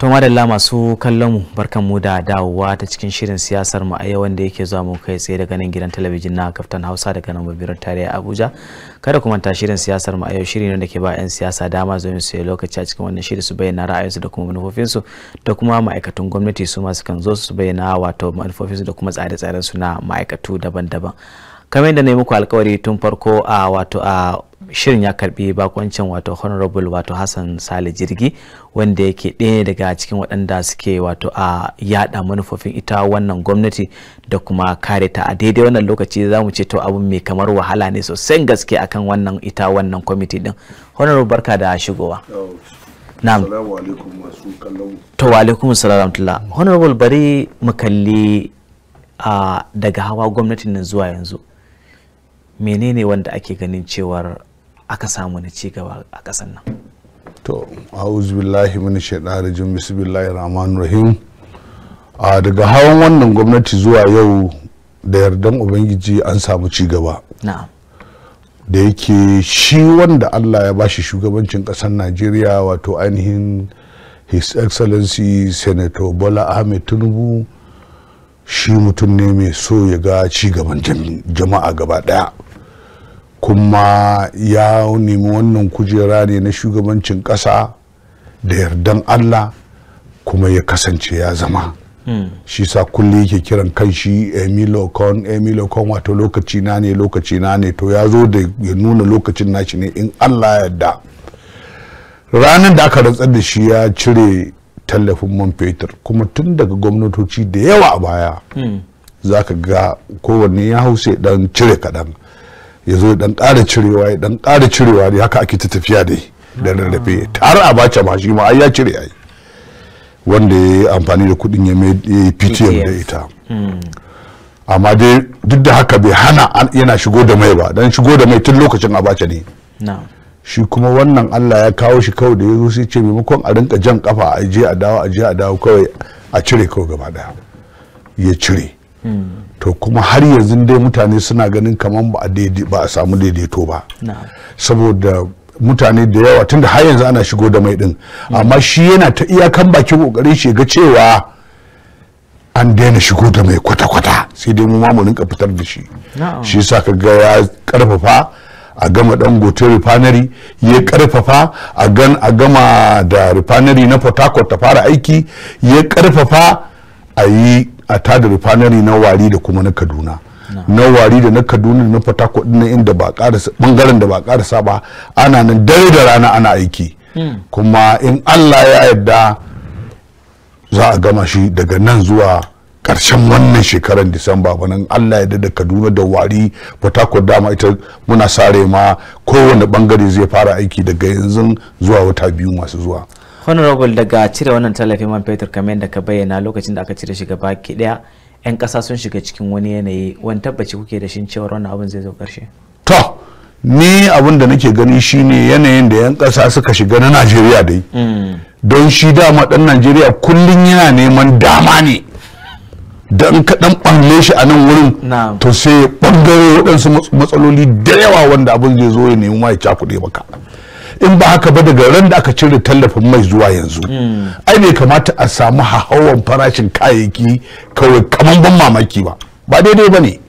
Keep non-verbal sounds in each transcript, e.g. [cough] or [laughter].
to madalla masu kallon mu barkan mu da dawowa ta cikin shirin siyasar mu a yau wanda yake zuwa mu kai tsaye daga nan gidan talabijin na kaftan hausa daga nan mabirin tarayya abuja kada ku manta shirin siyasar mu a yau shiri ne da ke ba 'yan siyasa dama zo su yi lokaci a cikin wannan shiri su bayyana ra'ayinsu da kuma manufofinsu da kuma ma'aikatan gwamnati su masu kan zo su bayyana wato manufofinsu da kuma tsare-tsaren su na ma'aikatu daban-daban kamar da na yi muku alkawari tun farko a wato a shirin ya karbi bakoncin wato honorable wato hassan sale jirgi wanda yake ɗaya daga cikin waɗanda suke wato a yada manufofin ita wannan gwamnati da kuma kare ta a daidai wannan lokaci za mu ce to abin mai kamar wahala ne sosai gaske akan wannan ita wannan kwamiti din honorable barka da shigowa na'am masu kallon bari mu kalli daga hawa gwamnatin nan zuwa yanzu menene wanda ake ganin cewar aka samu na cigaba a ƙasar nan to a'udhu billahi min shaitanir rajim bismillahir rahmanir rahim a daga hawan wannan gwamnati zuwa yau da yardan ubangiji an samu cigaba na'am da yake shi wanda Allah ya bashi shugabancin ƙasar Najeriya wato ainihin His Excellency Senator Bola Ahmed Tinubu shi mutum ne mai so ya ga cigaban jama'a gaba daya. kuma ya nemi wannan kujera ne na shugabancin ƙasa da yardan allah kuma ya kasance ya zama hmm. shi sa kulle yake kiran kan shi emilio con emilio wato lokaci na ne lokaci na ne to ya zo da ya nuna lokacin nashi ne in allah ya yarda ranar da aka rantsar da shi ya cire tallafin man fetur kuma tun daga gwamnatoci da yawa a baya hmm. za ka ga kowanne ya hausa dan cire kaɗan ya zo dan kara cirewa ya dan kara cirewa ne haka ake ta tafiya da da rarrafe har a bace ma shi ma ai ya cire ai wanda ya yi amfani da kuɗin ya yi ptm da ita hmm. amma dai duk da haka bai hana yana shigo da mai ba dan shigo da mai tun lokacin abacha ne shi kuma wannan allah ya kawo shi kawai da ya zo sai ce maimakon a rinka jan kafa a je a dawo a je a dawo kawai a cire kawai gaba daya ya cire Hmm. to kuma har yanzu dai mutane suna ganin kamar ba a samu daidaito ba saboda mutane da yawa tunda har yanzu ana shigo da mai din amma shi yana ta iyakan bakin kokarin shi ga cewa an daina shigo da mai kwata-kwata sai dai mu ma mu rinka fitar da shi shi yasa ka ga ya karfafa a gama gote refinery ya karfafa a gan a gama da refinery na port harcourt ta fara aiki ya karfafa a yi a tada refinery na wari da kuma na kaduna na wari da na kaduna na fatakwad na inda ba karasa bangaren da ba karasa ba ana nan dare da rana ana aiki hmm. kuma in allah ya yarda za a gama shi daga nan zuwa karshen wannan shekarar disamba banan allah ya da kaduna da wari fatakwad dama ita muna sare ma kowane bangare zai fara aiki daga yanzu zuwa wata biyu masu zuwa honorable daga cire wannan tallafin man fetur kamar da ka bayyana lokacin da aka cire shiga baki ki daya yan kasa sun shiga cikin wani yanayi wani tabbaci kuke da shin cewa wannan abin zai zo karshe to ni abin da nake gani shine yanayin da yan kasa suka shiga na najeriya dai mm. don shi dama dan najeriya kullum yana neman dama ne don ka dan shi a nan wurin to sai bangare waɗansu matsaloli da yawa wanda abin zai zo ya nemi ma ya cakuɗe maka in ba haka ba daga ran da aka cire tallafin mai zuwa yanzu hmm. ai bai kamata a samu hawan farashin kayayyaki kawai kaman ban mamaki ba ba daidai ba ne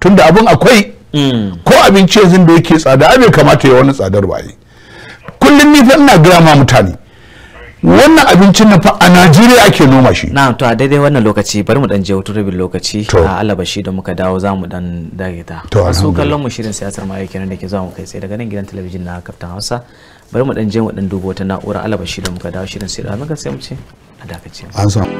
tunda abin akwai hmm. ko abinci yanzu da yake tsada ai bai kamata ya wani tsadar ba yi kullum ni fa ina gaya ma mutane wannan abincin na fa a Najeriya ake noma shi. Na to a daidai wannan lokaci bari mu dan je wutar rabin lokaci a alabashi da muka dawo za mu dan dage ta. To su kallon mu shirin siyasar ma yake da ke zuwa mu kai tsaye daga nan gidan talabijin na Kaftan Hausa. bari mu dan je mu dan dubo wata na'ura alaba shi da muka dawo shirin sai da muka sai mu ce a dakace an samu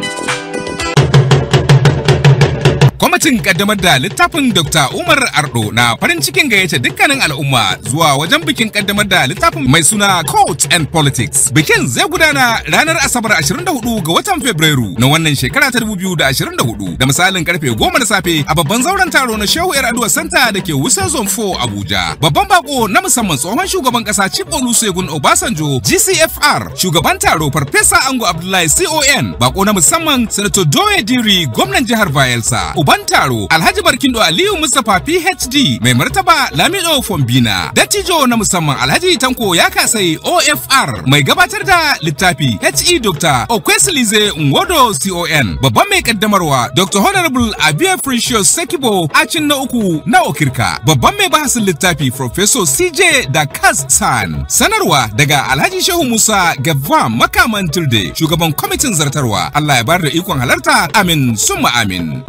Kwamitin kaddamar da littafin Dr. Umar Ardo na farin cikin gayyace dukkanin al'umma zuwa wajen bikin kaddamar da littafin mai suna Coach and Politics. Bikin zai gudana ranar Asabar 24 ga watan Fabrairu na wannan shekara ta 2024 da misalin karfe 10 da safe a babban zauren taro na Shehu Yar Aduwa Santa da ke Wusa Zone 4 Abuja. Babban bako na musamman tsohon shugaban kasa Chief Olusegun Obasanjo GCFR shugaban taro Farfesa Ango Abdullahi CON bako na musamman Sanato Doye Diri gwamnan jihar Bayelsa. Uban taro Alhaji Barkindo Aliyu Mustapha PhD mai martaba Lamido Fombina dattijo na musamman Alhaji Tanko ya kasai OFR mai gabatar da littafi HE Dr. Okwesilize Nwodo CON babban mai kaddamarwa Dr. Honorable Abia Precious Sekibo Acin na uku na Okirka babban mai bahasin littafi Professor CJ da San sanarwa daga Alhaji Shehu Musa Gavam makaman Tilde shugaban kwamitin zartarwa Allah ya bar da ikon halarta amin summa amin.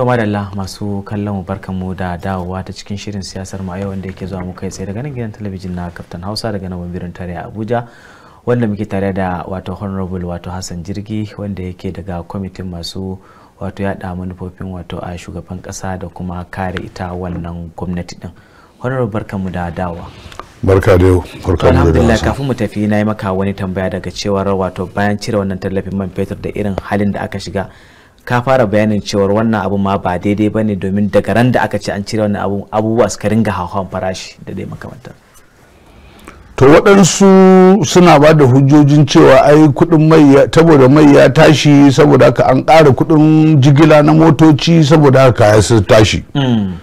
to Allah masu kallon mu barkan mu da dawowa ta cikin shirin siyasar mu a yau wanda yake zuwa mu kai tsaye daga nan gidan talabijin na Captain hausa daga nan birnin a abuja wanda muke tare da wato honorable wato hassan jirgi wanda yake daga kwamitin masu wato yada manufofin wato a shugaban kasa da kuma kare ita wannan gwamnati din honorable mu da dawa barka da yau barka da alhamdulillah kafin mu tafi na yi maka wani tambaya daga cewar wato bayan cire wannan tallafin man fetur da irin halin da aka shiga ka fara bayanin cewar wannan abu ma ba daidai ba ne domin daga ran da aka ce an cire wannan abu abubuwa suka ringa hauhawan farashi da dai makamantar to waɗansu suna ba da hujjojin cewa ai kuɗin mai saboda mai ya tashi saboda haka an ƙara kuɗin jigila na motoci saboda haka ya su tashi hmm.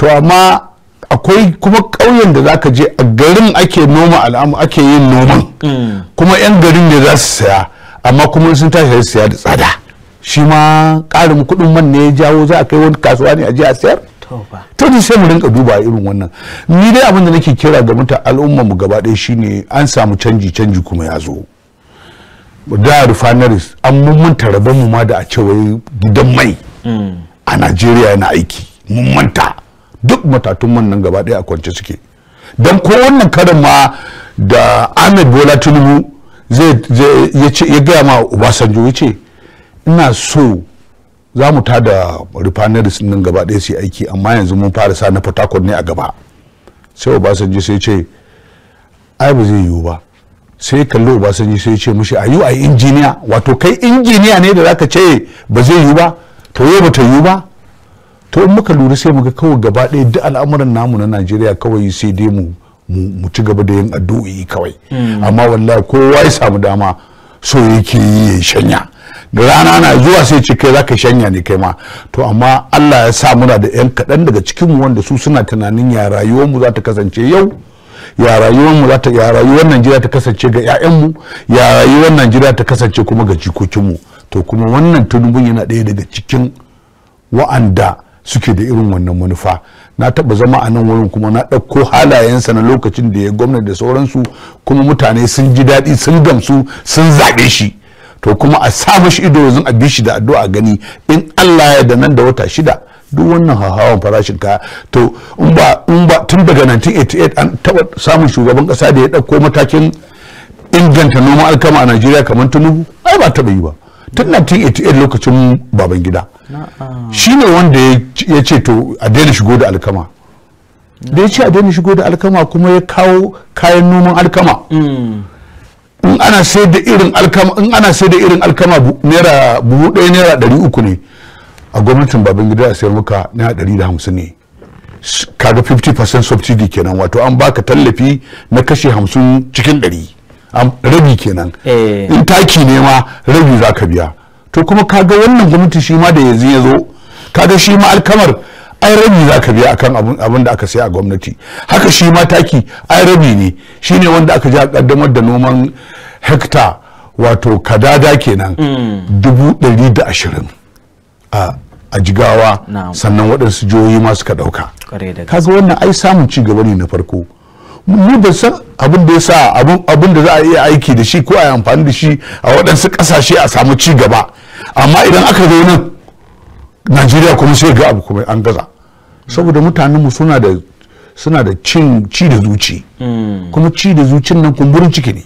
to amma akwai kuma ƙauyen da zaka je a garin ake noma al'amu ake yin noman hmm. kuma 'yan garin ne za su saya amma kuma sun tashi saya da tsada shi ma ƙarin kuɗin man ne ya jawo za a kai wani kasuwa ne a ji a siyar. to ni sai mu rinka duba irin wannan ni dai abin da nake kira ga mutan al'umma mu gaba ɗaya shine an samu canji canji kuma ya zo da refineries an mummunta rabon mu ma da a ce wai gidan mai mm. a Najeriya yana aiki manta duk matatun man nan gaba ɗaya a kwance suke dan ko wannan karin ma da Ahmed Bola Tinubu zai ya gaya ma Obasanjo ya ce ina so za mu tada refineries nan gaba ɗaya su aiki amma yanzu mun fara sa na port ne a gaba sai obasanjo sai ce ai ba zai yiwu ba sai kallo obasanjo sai ce mushi a yi a injiniya wato kai injiniya ne da zaka ce ba zai yiwu ba to yau ba ta yiwu ba to in muka lura sai muga kawai gaba ɗaya duk al'amuran namu na najeriya kawai sai dai mu mu ci gaba da yin addu'o'i kawai hmm. amma wallahi kowa ya samu dama so yake yi ya shanya da rana na zuwa sai ce kai zaka shanya ne kai ma to amma Allah ya sa muna da yan kaɗan daga cikin mu wanda su suna tunanin ya rayuwar mu za ta kasance yau ya rayuwar mu za ta ya rayuwar Najeriya ta kasance ga ƴaƴan mu ya rayuwar Najeriya ta kasance kuma ga jikokin to kuma wannan tunubun yana ɗaya daga cikin wa'anda suke da irin wannan manufa na taɓa zama a nan wurin kuma na ɗauko halayensa na lokacin da ya gwamnati da sauransu kuma mutane sun ji daɗi sun gamsu sun zaɓe shi to kuma a sa mashi ido yanzu a bi shi da addu'a gani in Allah ya da nan da wata shida duk wannan hawan farashin kaya to in ba in ba tun daga 1988 an taba samun shugaban kasa da ya dauko matakin inganta noman alkama a Najeriya kamar Tinubu ai ba taba yi ba tun 1988 lokacin baban gida shine wanda ya ce to a daina shigo da alkama da ya ce a daina shigo da alkama kuma ya kawo kayan noman alkama mm. in ana sai da irin alkama in ana sai da irin alkama naira buhu ɗaya naira ɗari uku ne a gwamnatin baban gida a sayar maka naira ɗari da hamsin ne kaga 50% subsidy kenan wato an baka tallafi na kashe hamsin cikin ɗari rabi kenan eh. in taki ne ma rabi za ka biya to kuma kaga wannan gwamnati shi ma da yanzu ya zo kaga shi ma alkamar ai rabi za ka biya akan abin da aka sai a gwamnati haka shi ma taki ai rabi ne shine wanda aka ji a kaddamar da noman hekta wato kadada kenan dubu ɗari da ashirin a jigawa sannan waɗansu jihohi ma suka ɗauka kaga wannan ai samun ci gaba ne na farko mu ba san abin da ya sa abin da za a iya aiki da shi ko a yi amfani da shi a waɗansu ƙasashe a samu ci gaba amma idan aka zo nan najeriya kuma sai ga abu kuma an gaza saboda mutanenmu suna da suna da cin ci da zuci hmm. kuma ci da zucin nan kumburin ciki ne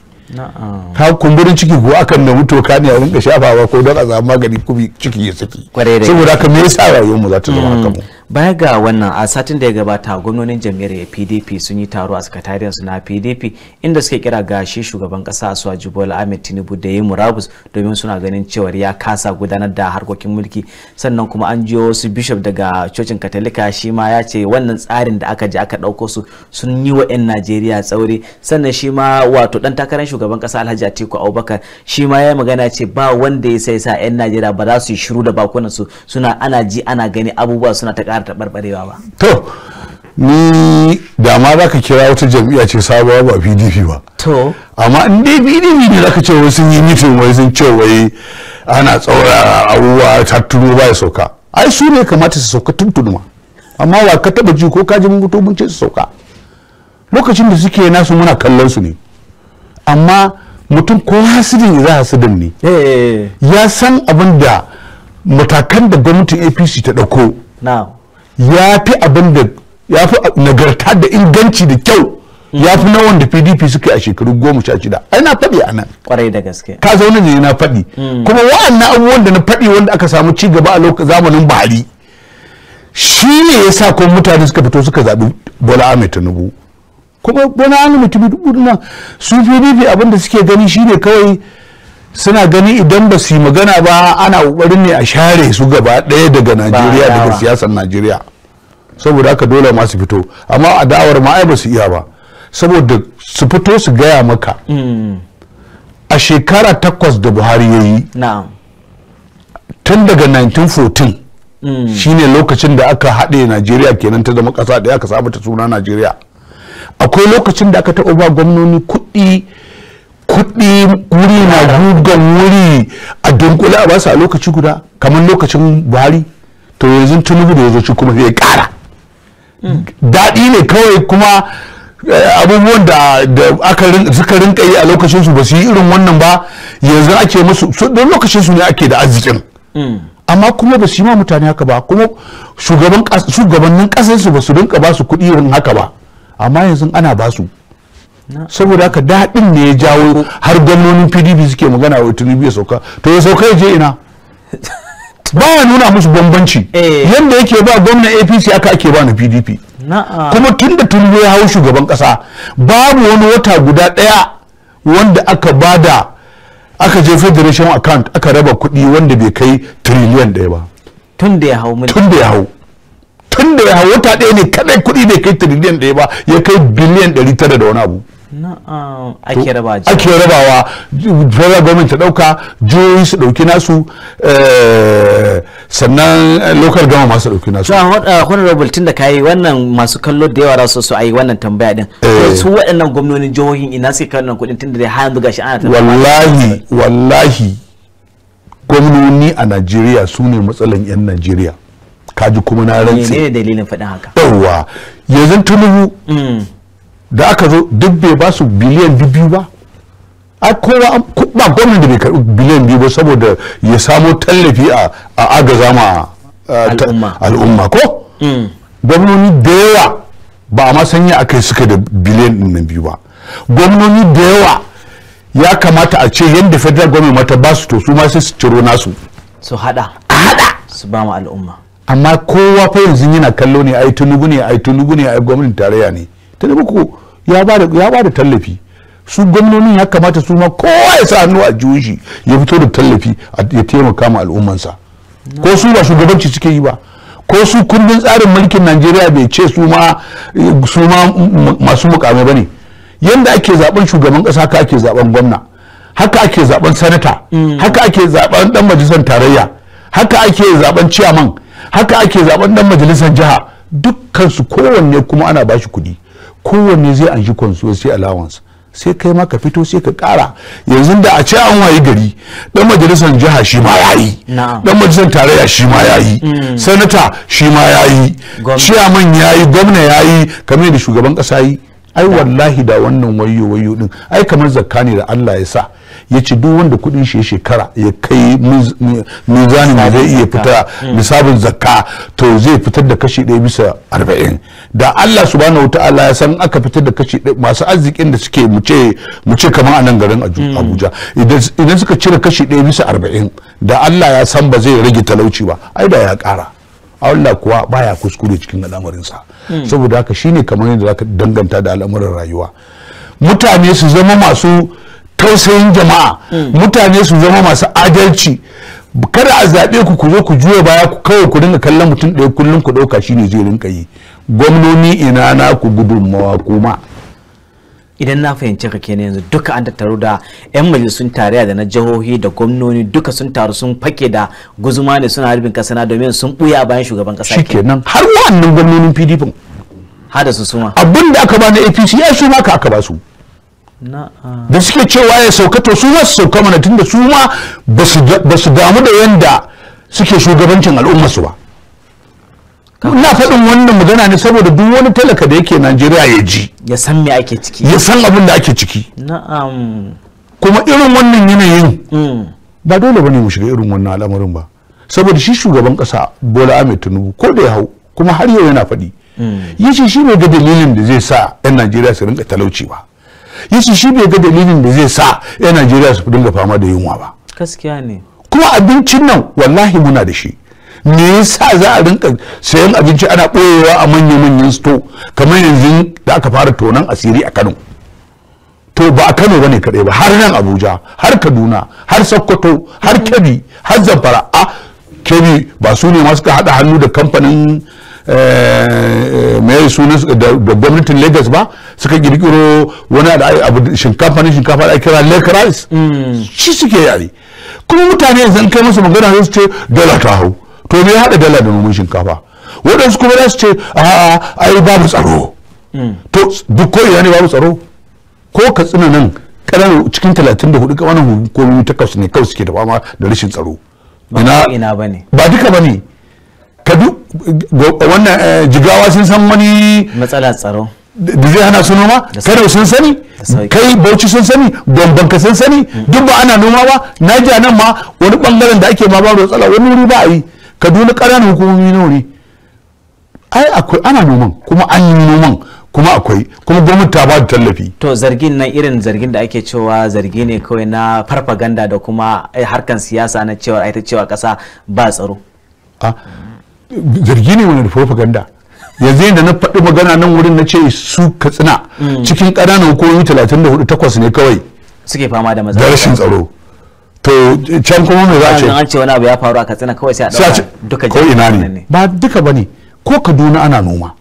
ka kumburin ciki ko akan na mutu ka ne a rinka shafawa ko don a zama magani kubi ciki ya saki saboda haka me yasa rayuwar mu za ta zama haka mu mm. baya ga wannan a satin da ya gabata gwamnonin jam'iyyar pdp sun yi taro a sakatariyar su na pdp inda suke kira ga shugaban kasa a bola ahmed tinubu da yi murabus domin suna ganin cewa ya kasa gudanar da harkokin mulki sannan kuma an jiyo wasu bishop daga cocin katolika shi ma ya ce wannan tsarin da aka je aka ɗauko su sun yi wa 'yan najeriya tsauri sannan shi ma wato dan takarar shugaban kasa alhaji atiku abubakar shi ma ya magana ce ba wanda ya sai sa 'yan najeriya ba za su yi shiru da bakunan su suna ana ji ana gani abubuwa suna ta ƙara barbarewa ba to ni da ma za ka kira wata jam'iyya ce sabuwa ba pdp ba to amma in dai pdp ne za ka ce wai sun yi mitin wai sun ce wai ana tsaura abubuwa tattuno ba ya sauka ai su ne kamata su sauka tuntunu amma wa ka taba ji ko ka ji mun mun ce su sauka lokacin da suke nasu muna kallon su ne amma mutum ko hasidin za hasidin ne eh, eh, eh. ya san abin da matakan da gwamnatin apc ta ɗauko ya fi abin da ya fi nagarta da inganci da kyau ya fi na wanda pdp suka yi a shekaru goma sha shida ai na faɗi a nan kwarai da gaske ka zaune ne na faɗi mm. kuma wa'annan abubuwan da na faɗi wanda aka samu ci gaba a lokacin zamanin bahari shi ne ya sa kuma mutane suka fito suka zaɓi bola ahmed tinubu kuma bola ahmed tinubu na su pdp abin da suke gani ne kawai suna gani idan ba su yi magana ba ana kokarin ne a share su gaba ɗaya daga najeriya daga siyasar najeriya saboda haka dole ma su fito amma a da'awar ma ai ba su iya ba saboda su fito su gaya maka hmm. a shekara takwas da buhari ya yi tun daga 1914 hmm. shine lokacin da aka haɗe najeriya kenan ta zama ƙasa ɗaya aka samu ta suna najeriya akwai lokacin da aka taɓa ba gwamnoni kuɗi kuɗi wuri na gugan wuri a dunkule a basu a lokaci guda kamar lokacin buhari to yanzu tunubu da ya kuma zai ƙara daɗi ne kawai kuma eh, abubuwan da aka suka rinka yi a lokacin su ba su yi irin wannan ba yanzu ake musu don lokacin su ne ake da arzikin hmm. amma kuma ba su yi ma mutane haka ba kuma shugabannin kasarsu su ba su rinka ba su kuɗi irin haka ba amma yanzu ana ba su saboda haka daɗin ne ya jawo har gannonin pdp suke magana wa tinubu ya sauka to ya sauka ya je ina [laughs] ya nuna musu bambanci eh. yadda yake ba gwamna apc aka ake ba na pdp kuma tun da tun ya hau shugaban ƙasa babu wani wata guda ɗaya wanda aka bada aka je federation account aka raba kuɗi wanda bai kai trillion ɗaya ba tun da ya hau tun da ya hau tun da ya hau wata ɗaya ne kadai kuɗi bai kai trillion ɗaya ba ya kai biliyan ɗari tara da wani abu ake rabawa federal government ta dauka jihohi su dauki nasu eh, sannan local gama masu dauki nasu eh, honorable tun da kayi wannan masu kallo da yawa rasu su ayi wannan tambaya din eh. su waɗannan gwamnonin jihohin ina su kawo nan kuɗin tun da dai har yanzu gashi ana wallahi wallahi gwamnoni a Najeriya su ne matsalan 'yan Najeriya kaji kuma na rantsi ne dalilin faɗin haka yawwa yanzu tunubu mm. da aka zo duk bai ba su biliyan biyu ba a kowa ba gwamnan da bai karbi biliyan biyu ba saboda ya samo tallafi a agaza ma al'umma ko mm. gwamnoni da yawa ba a sanya a kai suka da biliyan din nan biyu ba gwamnoni da yawa ya kamata a ce yadda federal government mata ba su to su ma sai su ciro nasu su hada a hada su ba mu al'umma amma kowa fa yanzu yana kallo ne ai tunugu ne ai tunugu ne ai gwamnatin tarayya ne tunugu ko ya ba da tallafi su gwamnonin ya kamata su ma kowa ya sa hannu a juji ya fito da tallafi ya taimaka ma al'ummansa ko su ba shugabanci suke yi ba ko su kundin tsarin mulkin najeriya bai ce su ma masu mukamai ba ne yadda ake zaben shugaban kasa haka ake zaben gwamna haka ake zaben sanata haka ake zaben dan majalisar tarayya haka ake zaben ciyaman haka ake zaben dan majalisar jiha dukkan su kowanne kuma ana bashi kuɗi kowanne zai anshi constituency allowance sai kai ma ka fito sai ka kara yanzu da a ce an wayi gari dan majalisar jiha shi ma ya dan majalisar tarayya shi ma ya yi mm. sanata shi ma ya yi ciyaman ya yi gwamna ya yi kamar da shugaban kasa yi ai wallahi da wannan wayo wayo din ai kamar zakka da Allah ya sa ya ce duk wanda kudin shi shekara ya kai mizanin da zai iya fita misabin zakka to zai fitar da kashi ɗaya bisa arba'in da Allah subhanahu ta'ala ya san aka fitar da kashi ɗaya masu arzikin da suke mu ce kamar anan garin hmm. Abuja idan suka cire kashi ɗaya bisa arba'in da Allah ya san ba zai rage talauci ba ai da ya kara Allah kuwa baya kuskure cikin al'amarinsa hmm. saboda haka shine kamar yadda zaka danganta da al'amuran rayuwa mutane su zama masu tausayin jama'a mutane su zama masu adalci kada a zaɓe ku ku zo ku juya baya ku kawai ku dinga kallon mutum ɗaya kullum ku ɗauka shi ne zai rinka yi gwamnoni ina na ku gudunmawa kuma idan na fahimci ka kenan yanzu duka an tattaru da yan majalisun tarayya da na jihohi da gwamnoni duka sun taru sun fake da guzuma ne suna harbin kasa na domin sun buya bayan shugaban kasa kenan har wa'annan gwamnonin pdp har da su suma abin da aka ba na apc ya su ma ka aka ba su da suke cewa ya sauka to su za su sauka mana da su ma ba su damu da yanda suke shugabancin su ba na faɗin wannan magana ne saboda duk wani talaka da yake najeriya ya ji ya san me ake ciki ya san abin da ake ciki na'am kuma irin wannan yanayin mm. ba dole bane mu shiga irin wannan al'amarin ba saboda shi shugaban kasa bola ahmed tinubu ko da ya hau kuma har yau yana faɗi mm. yace shi ne ga dalilin da zai sa 'yan najeriya su rinka talauci ba yace shi bai ga dalilin da zai sa ya Najeriya su dinga fama da yunwa ba gaskiya ne kuma abincin nan wallahi muna da shi me yasa za a rinka sayan abinci ana ɓoyewa a manya-manyan sto kamar yanzu da aka fara tonan asiri a Kano to ba a Kano bane kaɗai ba har nan Abuja har Kaduna har Sokoto har mm. Kebbi har Zamfara a Kebbi ba su ne ma suka haɗa hannu da kamfanin Eh, eh, mai sunan da gwamnatin lagos ba suka kirkiro wani abu shinkafa ne shinkafa da kira lake rice shi suke yare kuma mutane yanzu kai masa magana su ce dala ta hau to me ya haɗa dala da noman shinkafa waɗansu kuma za su ce a ai babu tsaro to duk ko ne babu tsaro ko ka tsina nan ƙananan cikin 34 ƙananan hukumomi takwas ne kawai suke da fama da rashin tsaro Ina ba duka ba ne kadu wannan eh, jigawa sun san wani matsalar tsaro da zai hana su noma kano sun sani kai bauchi sun sani ka sun sani mm. duk ba ana noma ba naija nan ma wani bangaren da ake ma ba tsala wani wuri ba a yi kaduna ƙananan hukumomi nawa ne ai akwai ana noman kuma an yi noman kuma akwai kuma gwamnati ta ba da tallafi to zargin nan irin zargin da ake cewa zargi ne kawai na farfaganda da kuma eh, harkan siyasa na cewa ai ta cewa ƙasa ba tsaro ah, zargi ne wani da propaganda yanzu yadda na faɗi magana nan wurin na ce su katsina cikin ƙananan hukumomi 34 takwas ne kawai suke fama da matsala da rashin tsaro to can kuma mai za a ce an ce wani abu ya faru a katsina kawai sai a ɗauka duka ko ina ne ba duka bane ko kaduna ana noma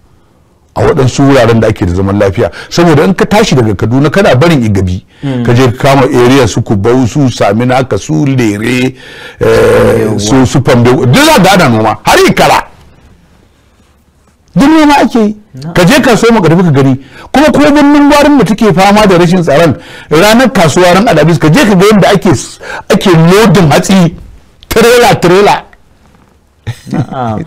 a waɗansu wuraren da ake da zaman lafiya saboda in ka tashi daga kaduna kana barin igabi hmm. ka je kama area su bau su samina su lere eh, su su fambe duk za ga noma har ikara duk noma ake yi ka je ma makarfi ka gani kuma ko birnin gwarin da take fama da rashin tsaron ranar kasuwa ran alhamis ka je ka ga yadda ake ake lodin hatsi trailer trailer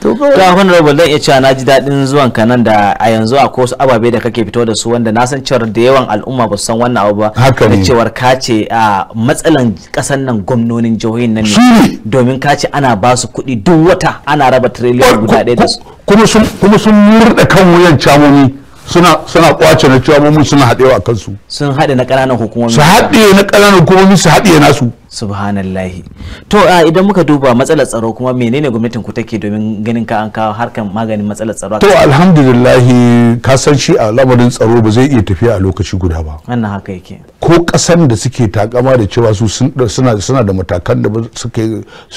to wannan zan iya yace na ji dadin zuwan ka nan da a yanzu a kosu ababe da kake fito da su wanda na san cewar da yawan al'umma ba su san wannan abu ba da cewar ka ce a matsalan kasan nan gwamnonin jihohin nan ne domin ka ce ana ba su kuɗi duk wata ana raba trillion guda ɗaya da su kuma sun murɗa kan wuyan camomi suna suna kwace na cewa mun suna haɗewa kansu sun haɗe na ƙananan hukumomi su haɗe na ƙananan hukumomi su haɗe nasu subhanallahi to a idan muka duba matsalar tsaro kuma menene gwamnatin ku take domin ganin ka an kawo harkan maganin matsalar tsaro to alhamdulillahi ka san shi a lamarin tsaro ba zai iya tafiya a lokaci guda ba wannan haka yake ko kasan da suke takama da cewa su suna suna da matakan da suke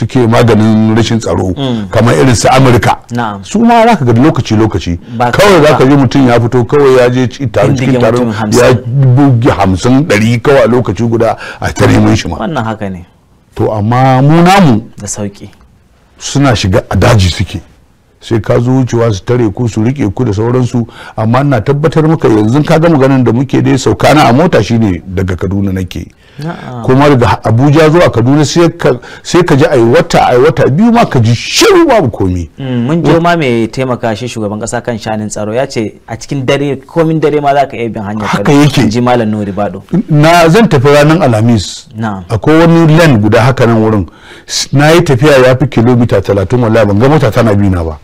suke maganin rashin tsaro mm. kamar irin su Amurka su ma zaka ga lokaci lokaci kawai zaka ji mutum ya fito kawai ya je taron cikin tarin ya bugi hamsin 100 kawai a lokaci guda a tare mun shi ma wannan haka ne to amma mu namu da sauki suna shiga a daji suke sai ka zo wucewa su tare ku su rike ku da sauransu amma ina tabbatar maka yanzu ka ga maganar da muke dai sauka na a mota shine daga kaduna nake kuma daga abuja zuwa kaduna sai ka ji aiwata wata biyu ma ka ji shiru babu komi mm, mun je ma mai taimaka shi shugaban kasa kan shanin tsaro ya ce a cikin dare komin dare ma za ka iya bin hanyar haka yake ji malam nuri bado na zan tafi ranar alhamis akwai wani land guda haka nan wurin na yi tafiya ya fi kilomita talatin wallahi ban ga mota tana bi na ba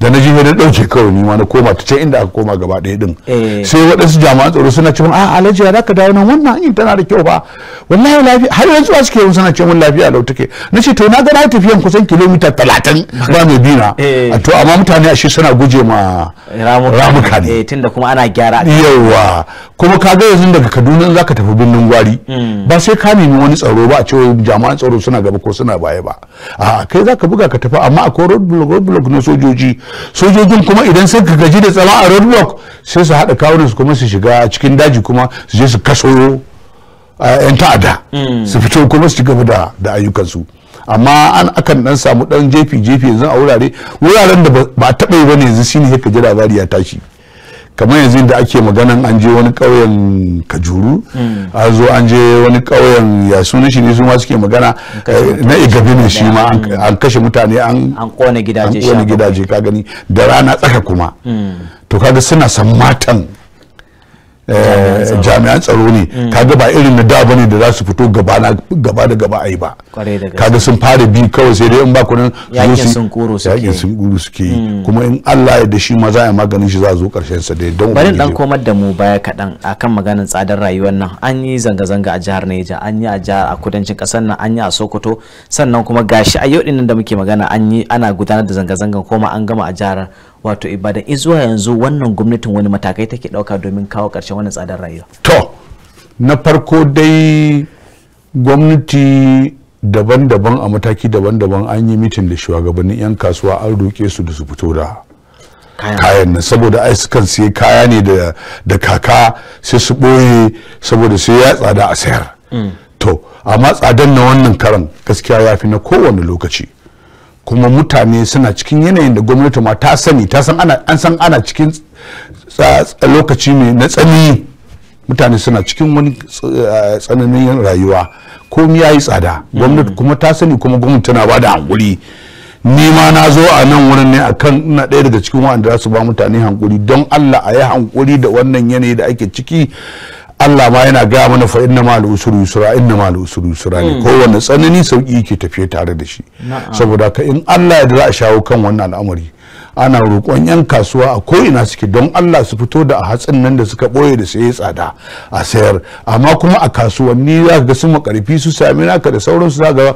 da na ji da dauke kawai ni ma na koma ta can inda aka koma gaba ɗaya din eh. sai waɗansu jami'an tsaro suna cewa a alhaji ya ka dawo nan wannan hanyar tana da kyau ba wallahi lafiya har yanzu a suke suna cewa lafiya lau take na ce to na ga na tafiya kusan kilomita talatin ba mai bina [laughs] eh. to amma mutane ashe suna guje ma ramuka ne eh, tunda kuma ana gyara yawa kuma ka ga yanzu daga kaduna za ka tafi birnin gwari hmm. ba sai ka nemi wani tsaro ba a ce jami'an tsaro suna gaba ko suna baya ba a kai za ka buga ka tafi amma akwai roadblock roadblock na sojoji sojojin kuma idan sai ka gaji da tsara a rock sai su haɗa kawunan su kuma su shiga cikin daji kuma su je su kaso eh, yan ta'ada hmm. su fito kuma su ci gaba da ayyukansu amma an akan dan samu dan jefi jefi yanzu a wurare wuraren da ba taɓa yi ba yanzu shine ka ji labari ya tashi kamar yanzu da ake maganan an je wani ƙauyen kajuru a zo an je wani ƙauyen ya suna shi ne su ma suke magana eh, na igabi ne shi ma an kashe mutane an kone gidaje ka gani da rana tsaka kuma hmm. to kaga suna san matan Eh, jami'an tsaro ne kaga ba irin na da bane da za su fito gaba da gaba ai ba kaga sun fara bi kawai sai dai in ba kunan yakin sun kuru suke yi hmm. kuma in Allah ya da shi ma za a maganin shi za a zo karshen sa dai don bari dan komar da mu baya kaɗan akan maganin tsadar rayuwar nan an yi zanga-zanga a jihar Neja an yi a jihar a kudancin kasar nan an yi a Sokoto sannan kuma gashi a yau din da muke magana an yi ana gudanar da zanga-zangan kuma an gama a jihar wato ibadan izuwa yanzu wannan gwamnatin wani matakai take dauka domin kawo karshen wannan tsadar rayuwa to na farko dai gwamnati daban-daban a mataki daban-daban an yi mitin da shugabannin 'yan kasuwa an roƙe su da su fito da kayan nan saboda ai sukan siye kaya ne da kaka sai su ɓoye saboda sai ya tsada a sayar mm. to amma tsadan na wannan karan gaskiya ya fi na kowane lokaci kuma mutane suna cikin yanayin da gwamnati ma ta sani ta san ana an san ana cikin lokaci ne na tsani mutane suna cikin wani eh, tsananin rayuwa komai yayi tsada gwamnati kuma ta sani kuma gwamnati tana ba da hankuri ni ma na zo a nan wurin ne akan ina ɗaya daga cikin wa'anda za su ba mutane hankuri don allah a yi hankuri da wannan yanayi da ake ciki Allah ma yana ga mana fa inna ma usru yusra inna ma yusra ne hmm. kowanne tsanani sauki yake tafiye tare da shi saboda ka in Allah ya da za a shawo kan wannan al'amari ana roƙon 'yan kasuwa a ko'ina suke don allah su fito da a hatsin nan da suka ɓoye da sai tsada a sayar amma kuma a kasuwanni za ga sun makarfi su sami naka da sauransu za ga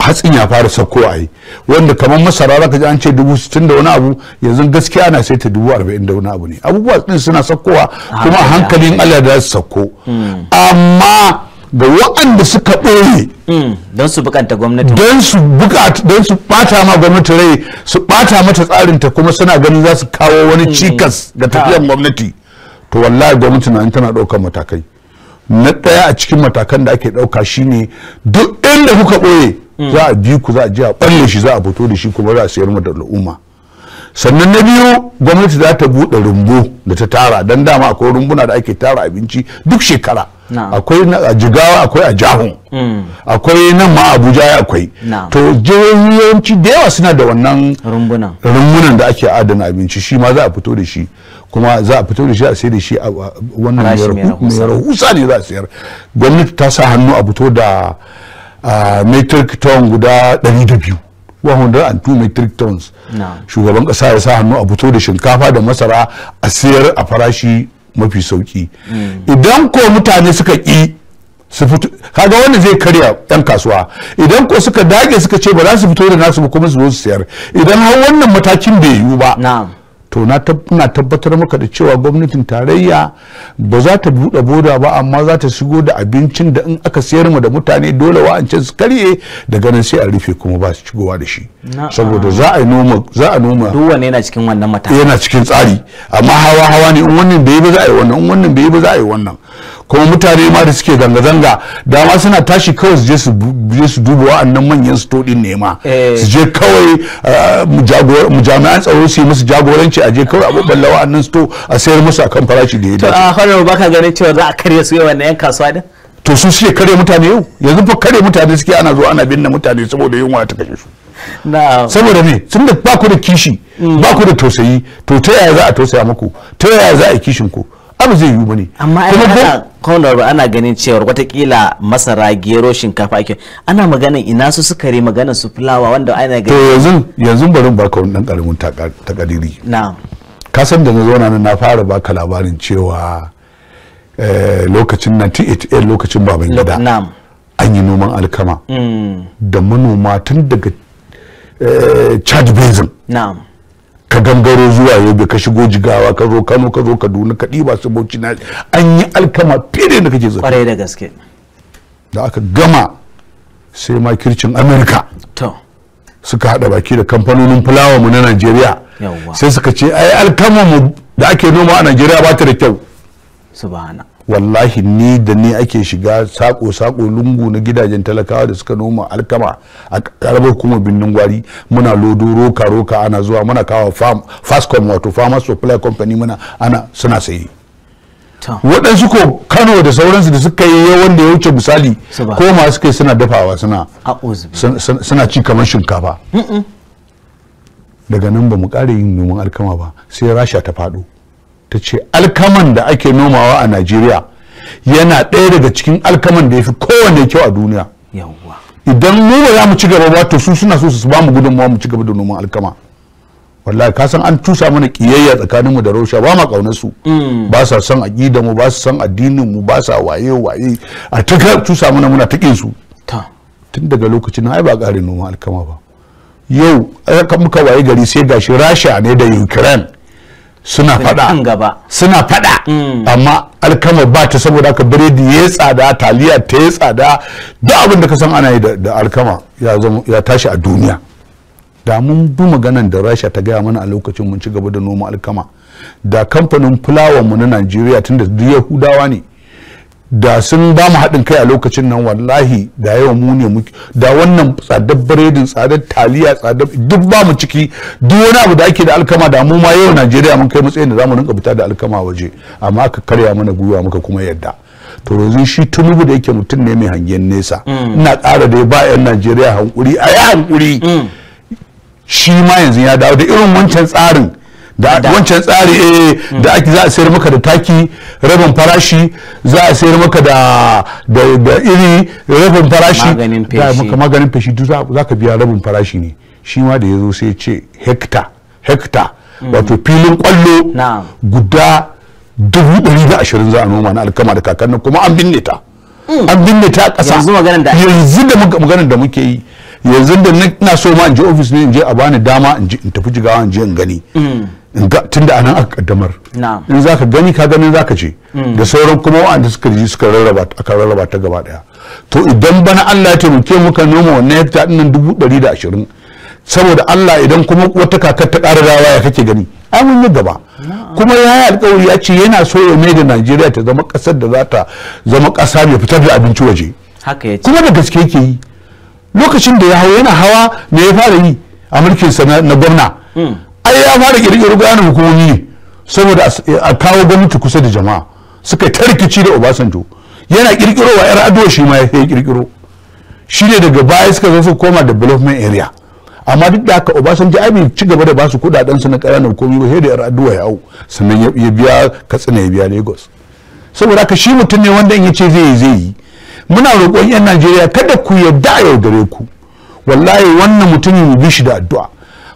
hatsin ya fara sauko a yi wanda kamar masara za ka ji an ce dubu sittin da wani abu yanzu gaskiya ana sai ta dubu arba'in da wani abu ne abubuwa din suna saukowa kuma hankalin allah da za su sauko hmm. amma Da waɗanda suka ɓoye hmm, don su bukata gwamnati don su bukata don su bata ma gwamnati rai su bata mata tsarinta kuma suna ganin za su kawo wani hmm. cikas ga tafiyan ah. gwamnati to wallahi gwamnati na tana ɗaukar matakai na ɗaya a cikin matakan da ake ɗauka shine duk inda kuka ɓoye hmm. za a bi ku za a je a ɓalle shi za a fito da shi kuma za a sayar mu da al'umma sannan na biyu gwamnati za ta buɗe rumbu da ta tara don dama akwai rumbuna da ake tara abinci duk shekara akwai na jigawa akwai a jahun mm. akwai nan ma abuja akwai to jihohi yawanci da yawa suna da wannan rumbunan da ake adana abinci shi ma za a fito da shi kuma za a fito da shi a sai da shi a wannan mai rahusa ne za a sayar gwamnati ta sa hannu a fito da metric ton guda 200 102 metric tons shugaban kasa ya sa hannu a fito da shinkafa da masara a sayar a farashi mafi sauki idan ko mutane suka ƙi su fito kaga wanda zai karya yan kasuwa idan ko suka dage suka ce ba za su fito da nasu ba kuma su zo su sayar idan har wannan matakin bai yiwu ba to na tabbatar maka da cewa gwamnatin tarayya ba za ta buɗe boda ba amma za ta shigo da abincin da in aka siyar mu da mutane dole wa'ancan su karye daga nan sai a rufe kuma ba su shigowa da shi saboda za a noma za a noma wanne yana cikin wannan matakan yana cikin tsari amma hawa hawa ne in wannan bai yi ba za a yi wannan in wannan bai yi ba za a yi wannan kuma mutane ma da suke zanga-zanga dama suna tashi kawai su je su duba wa'annan manyan stodin ne ma eh. su je kawai ah, jami'an tsaro su yi musu jagoranci a je kawai a babballa wa'annan sto a sayar musu akan farashi da ya dace. to a hannun baka ganin cewa za a karya su yawan yan kasuwa din. to su suke kare mutane yau yanzu fa kare mutane suke ana zuwa ana binne mutane saboda yunwa ta kashe su. saboda me tun da ba ku da kishi ba ku da tausayi to ta yaya za a tausaya muku ta yaya za a yi kishin ku abu zai yiwu bane amma kona ba ana ganin cewar watakila masara gero shinkafa ake ana maganin ina su sukari maganin su fulawa wanda ana ganin to yanzu yanzu bari ba ka wannan karamin takadiri na'am ka san da na zauna nan na fara baka labarin cewa eh, lokacin 1988 eh, lokacin baban gida an yi noman alkama mm. da manoma tun daga eh, chad basin ka gangaro zuwa yobe ka shigo jigawa ka zo kano ka zo kaduna ka ɗiba su bauchi na an yi alkama fiye da kake zato ƙwarai da gaske da aka gama sai ma kircin amerika suka haɗa baki da kamfanonin fulawa mu na najeriya sai suka ce ai alkama mu da ake noma a najeriya ba ta da kyau subhana wallahi ni da ni ake shiga sako-sako lungu na gidajen talakawa da suka noma alkama a karbar kuma binnin gwari muna lodo roka-roka ana zuwa muna kawo fascom wato farmers supply company muna ana suna saye waɗansu ko kano da sauransu da suka yi wanda ya wuce misali ko masu kai suna dafawa suna ci kamar shinkafa daga nan ba mu ƙara yin noman alkama ba sai rasha ta faɗo ta ce alkaman da ake nomawa a najeriya yana ɗaya daga cikin alkaman da ya fi kowane kyau a duniya idan mu ba za mu ci gaba ba to su suna so su ba mu gudunmawa mu ci gaba da noman alkama wallahi ka san an tusa mana kiyayya tsakanin mu da rausha ba ma kaunar su mm. ba sa san aqida mu ba sa san addinin mu ba sa waye waye a ta tusa mana muna takin su tun daga lokacin ai ba ƙarin noman alkama ba yau kan muka waye gari sai gashi rasha ne da ukraine suna fada suna fada mm. amma alkama ba ta saboda ka biredi ya tsada taliya ta ya tsada da abinda ka san ana yi da alkama ya tashi a duniya da mun bi maganan da rasha ta gaya mana a lokacin mun ci gaba da noma alkama da kamfanin fulawar mu na najeriya tunda da yahudawa ne da sun ba mu haɗin kai a lokacin nan wallahi da yawa mu ne da wannan tsadar biredin tsadar taliya tsadar duk ba mu ciki duk wani abu da ake da alkama da mu ma yau Najeriya mun kai matsayin da zamu rinka fita da alkama waje amma aka karya mana gwiwa muka kuma yadda to yanzu shi tunubu da yake mutum ne mai hangen nesa mm. ina ƙara da ba 'yan Najeriya hankuri a yi hankuri mm. shi ma yanzu ya dawo da irin wancan tsarin da wancan tsari eh mm. da ake za a sayar maka da taki rabin farashi za a sayar maka da da iri rabin farashi da maka maganin feshi duk za ka biya rabin farashi ne shi ma da yazo sai ce hekta hekta mm. wato filin kwallo guda dubu ɗari da ashirin za a noma na alkama da kakannin kuma an binne ta mm. an binne ta ƙasa yanzu da maganar da muke yi yanzu da na so ma in je ofis ne in je a bani dama in tafi jigawa in je in gani tun da anan aka kaddamar in za ka gani ka ganin za ka ce hmm. da sauran kuma wa'anda suka ji suka rarraba aka rarraba ta gaba daya to idan bana Allah ya taimake mu kan noma wannan hekta nan dubu ɗari da ashirin saboda Allah idan kuma wata kakar ta ƙara rawa ya kake gani an mun yi gaba kuma ya yi alƙawari ya ce yana so ya mai da Najeriya ta zama ƙasar da za ta zama ƙasa mai fitar da abinci waje kuma da gaske yake yi lokacin da ya hau yana hawa me ya fara yi a mulkinsa na gwamna hmm. ai ya fara kirkiri bayanin hukumomi ne saboda a kawo gwamnati kusa da jama'a suka tarkici da obasanjo yana kirkiro wa yar ado shi ma ya kirkiro shi ne daga baya suka zo su koma development area amma duk da haka obasanjo ai ci gaba da basu kudaden su na ƙananan komi ba sai da yar ado ya hau sannan ya biya katsina ya biya lagos saboda haka shi mutum ne wanda in ya ce zai yi zai yi muna roƙon 'yan najeriya kada ku yarda a yaudare ku wallahi wannan mutumin bi shi da addu'a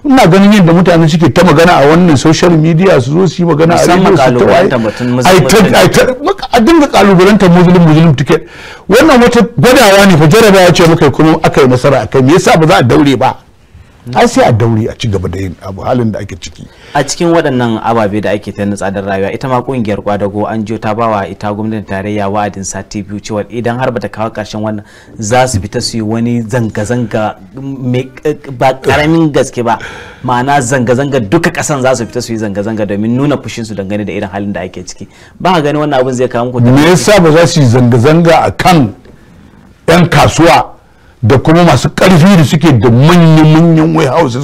ina ganin yadda mutane suke ta magana a wannan social media su zo su yi magana a rediyo su ta waye a dinga kalubalantar muslim muslim ticket wannan wata gwadawa ne fa jarabawa ce muka kuma aka yi nasara a kai me yasa ba za a daure ba ai sai a daure a ci gaba da yin abu halin da ake ciki a cikin waɗannan ababe da ake ta tsadar rayuwa ita ma kungiyar kwadago an jiyo ta bawa ita gwamnatin tarayya wa'adin sati biyu cewa idan har bata kawo karshen wannan za su fita su yi wani zanga-zanga ba karamin gaske ba ma'ana zanga-zanga duka kasan za su fita su yi zanga-zanga domin nuna fushin su dangane da irin halin da ake ciki ba gani wannan abin zai kawo muku me yasa ba za su yi zanga-zanga akan yan kasuwa da kuma masu karfi da suke da manyan-manyan house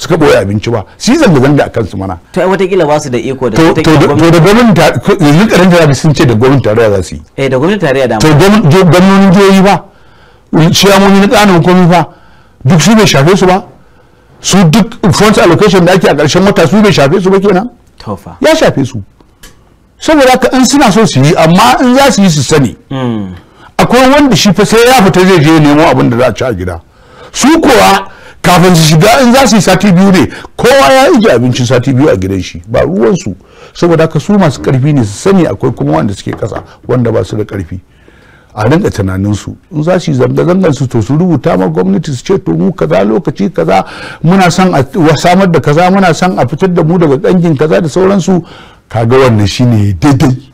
suka boye abinci ba su yi zanga-zanga a kansu mana to ai watakila ba su da iko da to da gwamnati yanzu karin da sun ce da gwamnati tarayya za su yi eh da gwamnati tarayya da to gwamnatin jihohi ba ciyamoni na ƙananan komi fa duk su bai shafe su ba su duk funds allocation da ake a ƙarshen wata su bai shafe su ba kenan ya shafe su saboda haka in suna so su yi amma in za su yi su sani hmm. akwai wanda shi fa sai ya fita zai je nemo abin da za a ci a gida su kuwa kafin su shiga in za su yi sati biyu ne kowa ya ije abincin sati biyu a gidan shi ba ruwansu saboda haka su masu karfi ne su sani akwai kuma wanda suke kasa wanda ba su da karfi a rinka tunanin su in za su zanga zangar su to su rubuta ma gwamnati su ce to mu kaza lokaci kaza muna son a samar da kaza muna son a fitar da mu daga dangin kaza da sauransu kaga wannan shine daidai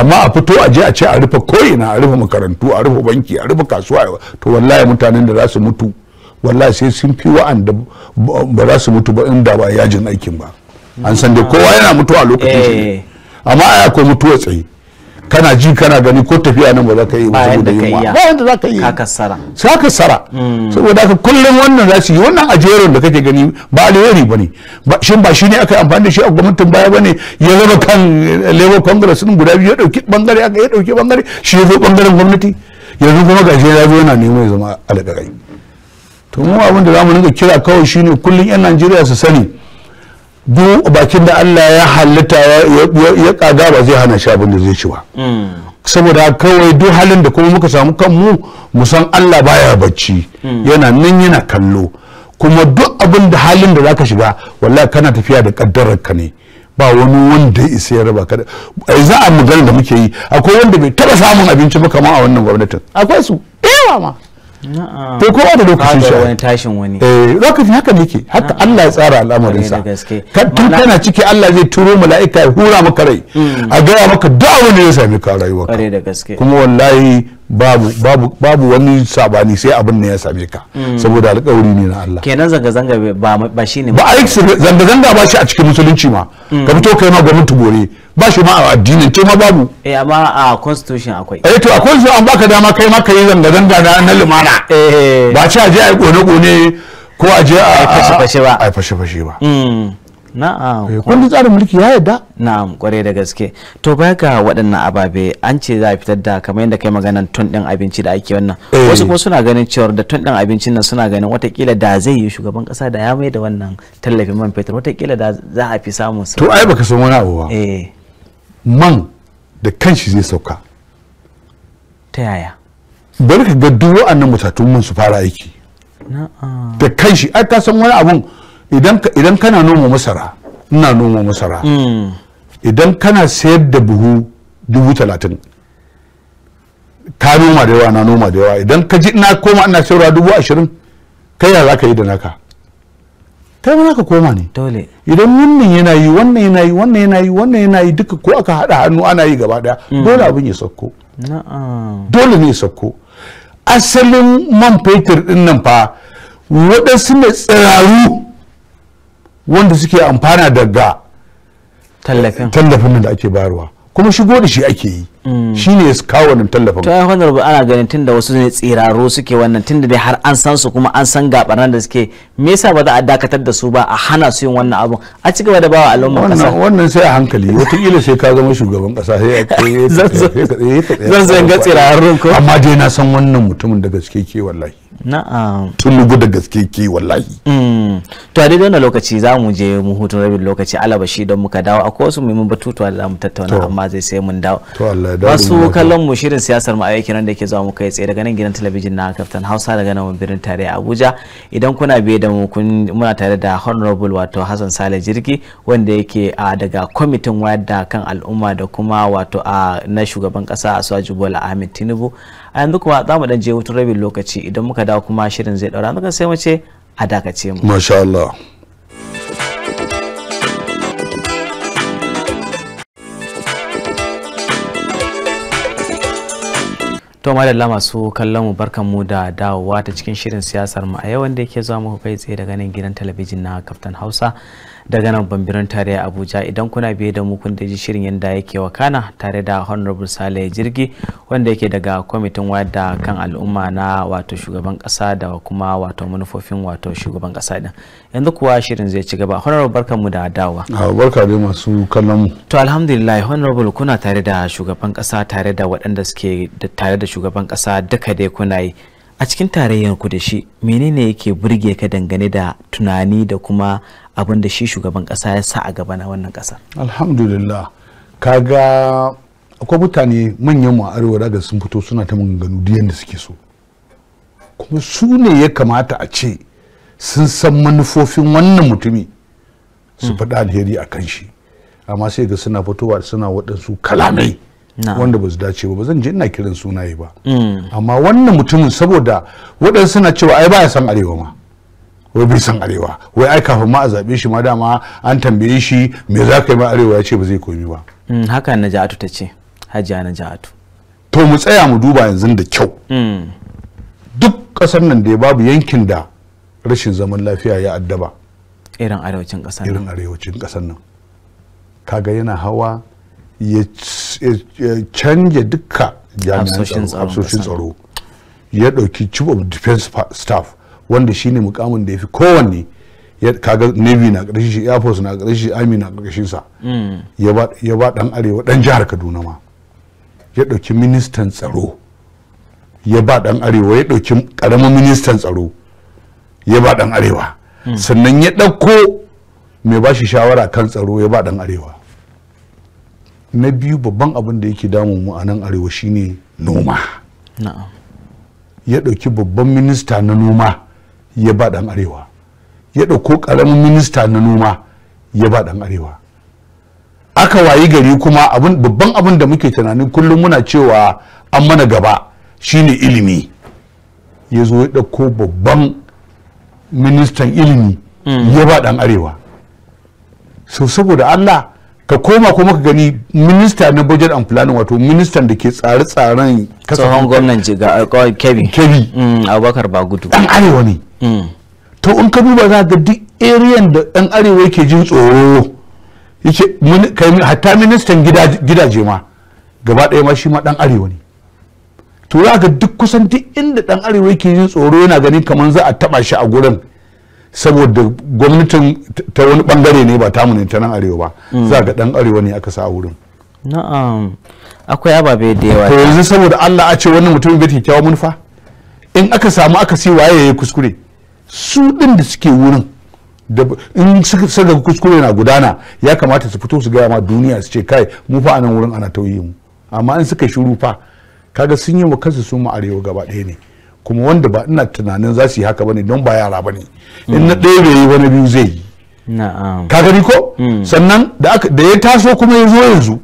amma a fito a je a ce a rufe ko'ina a rufe makarantu a rufe banki a rufe kasuwa to wallahi mutanen da za su mutu wallahi sai sun fi wa'anda ba za su mutu ba inda ba yajin aikin ba an san kowa yana mutu a lokacin shi eh. amma ai akwai mutuwa tsaye kana ji kana gani ko tafiya nan ba za ka yi ba saboda yunwa ba wanda za ka yi ka sara ka kasara hmm. saboda haka kullum wannan za su yi wannan ajeron da kake gani ba alheri ba ne shin ba shi ne aka amfani da shi a gwamnatin baya ba ne ya raba kan labour congress din guda biyu ya dauki bangare aka ya dauki bangare shi ya zo bangaren gwamnati yanzu kuma shi ya zo yana neman ya zama alƙarai to mu abin da za mu kira kawai shine kullum yan najeriya su sani duk bakin da Allah ya halitta ya kaga ba zai hana shi abin da zai ci ba hmm. saboda kawai duk halin da kuma muka samu kanmu mu san Allah baya bacci hmm. yana nan yana kallo kuma duk abin da halin da zaka shiga wallahi kana tafiya da kaddarar ka ne ba wani wanda ya isa ya raba ka ai za a magana da muke yi akwai wanda bai taba samun abinci ba kamar a wannan gwamnatin akwai su ma to ko da lokacin shi wani tashin wani eh lokaci haka nake haka Allah ya tsara al'amarinsa tun kana ciki Allah zai turo mala'ika ya hura maka rai mm. a gaya maka da wani ya sami ka rayuwa kuma wallahi babu babu babu wani sabani sai abin ne ya same ka hmm. saboda alƙawari ne na Allah kenan zanga zanga ba ba shine ba ai zanga zanga ba shi a cikin musulunci ma hmm. ka fito kai ma gwamnati gore ba shi ma a addinin ce ma babu eh amma a constitution akwai eh to a constitution an baka dama kai ma kai zanga zanga na lumana eh ba ci a je a yi kone kone ko a je a fashe fashe ba a fashe fashe ba hmm. na'am eh, kundin tsarin mulki ya yadda na'am kwarai da gaske to baya ga waɗannan ababe an ce za a fitar da kamar yadda kai maganan tun ɗin abinci da ake wannan eh. wasu kuma suna ganin cewar da tun ɗin abincin nan suna ganin watakila da zai yi shugaban ƙasa da ya mai da wannan tallafin man fetur watakila da za a fi samun to ai baka san wani abu ba eh. man da kanshi zai sauka ta yaya bari ka ga duk wa'annan mutatun mun su fara aiki da kanshi ai ka san wani abun idan kana noma masara ina noma masara hmm. idan kana sayar da buhu dubu talatin ka noma da yawa na noma da yawa idan ka ji ina koma ina saura dubu ashirin kai ya za ka yi da naka ta yi ka koma ne dole idan wannan yana yi wannan yana yi wannan yana yi wannan yana yi duka ko aka haɗa hannu ana yi gaba daya hmm. dole abin ya sauko dole ne ya sauko asalin man fetur din nan fa waɗansu ne tsararu. wanda suke amfana daga tallafin da ake bayarwa kuma shigo da shi ake yi Mm. shi ne su kawo wannan tallafin to ai honorable ana ganin tunda wasu ne tsiraro suke wannan tunda dai har an san su kuma an san gabaran da suke me yasa ba za a dakatar da su ba a hana su yin wannan abun a ci gaba da bawa al'umma kasa wannan sai a hankali wataƙila sai ka zama shugaban kasa sai zan zan ga tsirarun ko amma dai na san wannan mutumin da gaske ke wallahi na'am tun lugu da gaske ke wallahi mm. to a daidai wannan lokaci za mu je mu hutun rabin lokaci alabashi don muka dawo akwai wasu muhimman batutuwa da za mu tattauna amma zai sai mun dawo to Allah wasu kallon mu shirin siyasar mu yake nan da ke zuwa mu kai tsaye daga nan gidan talabijin na kaftan hausa daga nan birnin tare abuja idan kuna biye da mu muna tare da honorable wato hassan sale jirgi wanda yake a daga kwamitin wayar da kan al'umma da kuma wato a na shugaban kasa a asuwaju bola ahmed tinubu a yanzu kuma za mu dan je wutar rabin lokaci idan muka dawo kuma shirin zai daura muka sai mu ce a dakace mu masha Allah to madalla masu kallon mu barkan mu da dawowa ta cikin shirin siyasar mu a yau wanda yake zuwa muku kai tsaye daga nan gidan talabijin na kaftan hausa daga nan bambiran tarayya abuja idan kuna biye da mu kun ji shirin yadda yake wakana tare da honorable sale jirgi wanda yake daga kwamitin wayar da kan al'umma na wato shugaban kasa da kuma wato manufofin wato shugaban kasa din yanzu kuwa shirin zai ci gaba honorable barkan mu da dawa barka dai masu kallon mu to alhamdulillah honorable kuna tare da shugaban kasa tare da waɗanda suke tare da shugaban kasa duka dai kuna yi a cikin tarayyar ku da shi menene yake burge ka dangane da tunani da kuma abin da shi shugaban kasa ya sa a gaba na wannan kasa alhamdulillah kaga akwai mutane manyan mu arewa daga sun fito suna ta maganganu duk yadda suke so kuma su ne ya kamata a ce sun san manufofin wannan mutumi su mm. faɗa alheri a kan shi amma sai ga suna fitowa suna waɗansu kalamai wanda ba su dace ba ba zan je ina kiran sunaye ba mm. amma wannan mutumin saboda waɗansu suna cewa ai baya san arewa ma wai bai san arewa wai ai kafin ma a zaɓe shi ma dama an tambaye shi me za ka yi ma arewa ya ce ba zai komi ba mm, haka na ja'atu ta ce hajiya na ja'atu to mu tsaya mu duba yanzu da kyau mm. duk ƙasar nan da ya babu yankin da rashin zaman lafiya ya addaba irin arewacin ƙasar nan irin arewacin ƙasar nan kaga yana hawa ya canje duka jami'an hafsoshin tsaro ya dauki chief of defense staff wanda shi ne mukamin da ya fi kowanne kaga navy na ƙarshe shi air force na ƙarshe army na ƙarshen sa hmm. ya ba dan arewa dan jihar kaduna ma ya dauki ministan tsaro ya ba dan arewa ya dauki karamin ministan tsaro ya ba dan arewa hmm. sannan ya dauko mai ba shi shawara kan tsaro ya ba dan arewa na biyu babban abin da yake damu mu a nan arewa shine noma ya ɗauki babban minista na noma ya ba ɗan arewa ya ɗauko ƙaramin minista na noma ya ba ɗan arewa aka wayi gari kuma babban abin da muke tunanin kullum muna cewa an mana gaba shine ilimi ya zo ya ɗauko babban ministan ilimi hmm. ya ba ɗan arewa so saboda allah ka koma kuma ka gani minista na budget and planning wato ministan da ke tsare-tsaren tsohon gwamnan jiga uh, kebi kebi mm, abubakar bagudu dan arewa ne mm. to in ka duba za ga duk ariyan da dan arewa yake jin tsoro yace hatta ministan gidaje ma gaba ɗaya ma shi ma dan arewa ne to za ga duk kusan duk inda dan arewa yake jin tsoro yana ganin kamar za a taba shi a gurin saboda gwamnatin ta wani bangare ne ba tamu ne ta nan arewa ba mm. za ga dan arewa ne aka sa a wurin na'am akwai ababe da yawa to yanzu saboda Allah a ce wannan mutumin bai mun munfa in aka samu aka sai waye yayi kuskure su din da suke wurin in suka kuskure na gudana ya kamata su fito su gaya ma duniya su ce kai mu fa anan wurin ana tauye mu amma in suka shiru fa kaga sun yi wa kansu su mu arewa gaba ɗaya ne kuma wanda ba ina tunanin za su yi haka bane don ba yara bane in na mm. ɗaya bai yi wani biyu zai yi ka gani ko mm. sannan da ya taso kuma ya zo yanzu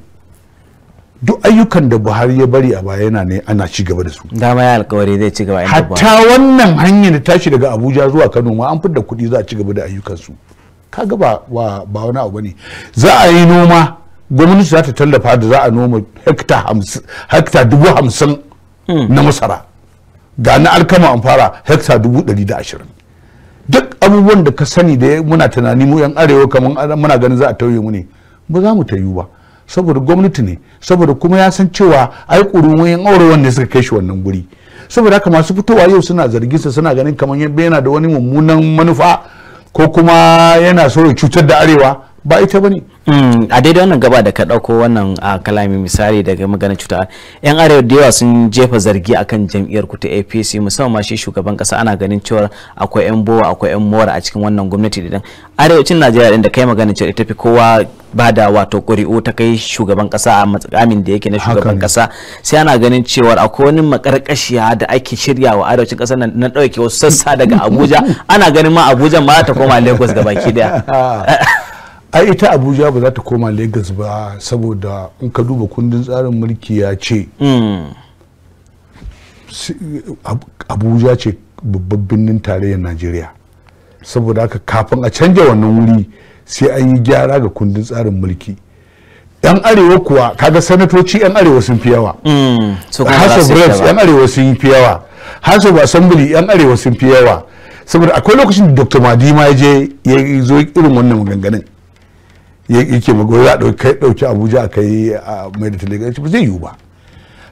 duk ayyukan da buhari ya bari a baya yana ne ana ci gaba da su dama ya alkawari zai ci gaba hatta wannan hanyar tashi daga abuja zuwa kano ma an fi da kuɗi za a ci gaba da ayyukan su gaba ba ba wani abu bane za a yi noma gwamnati za ta tallafa da za a noma hekta dubu hamsin mm. na masara ga na alkama an fara hekta dubu ɗari da ashirin duk abubuwan da ka sani da muna tunani mu yan arewa kamar muna ganin za a tauye mu ne ba za mu tayu ba saboda gwamnati ne saboda kuma ya san cewa ai ƙurumoyin aure wanda suka kai shi wannan guri saboda haka masu fitowa yau suna zarginsa suna ganin kamar yana da wani mummunan manufa ko kuma yana so ya cutar da arewa ba ita bane mm, a daidai wannan gaba da ka dauko wannan kalami misali daga magana cuta yan arewa da yawa sun jefa zargi akan jam'iyyar ku ta APC musamman ma shi shugaban kasa ana ganin cewa akwai yan bowa akwai yan mora a cikin wannan gwamnati din arewacin Najeriya din da kai magana cewa ita fi kowa ba da wato ƙuri'u ta kai shugaban kasa a matsakamin da yake na shugaban kasa sai ana ganin cewa akwai wani makarkashiya da ake shirya wa arewacin kasa na ɗauke wasu sassa daga Abuja [laughs] ana ganin ma Abuja ma ta koma Lagos gabaki daya [laughs] ai ita abuja ba za ta koma lagos ba saboda in ka duba kundin tsarin mulki ya ce abuja ce babban birnin tarayyar najeriya saboda haka kafin a canja wannan wuri sai an yi gyara ga kundin tsarin mulki yan arewa kuwa kaga sanatoci yan arewa sun fi yawa mm, house brex yan arewa sun fi yawa house of assembly yan arewa sun fi yawa saboda akwai lokacin da dr madima ya je ya zo irin wannan maganganun yake magana za a dauki abuja a kai a mai da talaka ba zai yiwu ba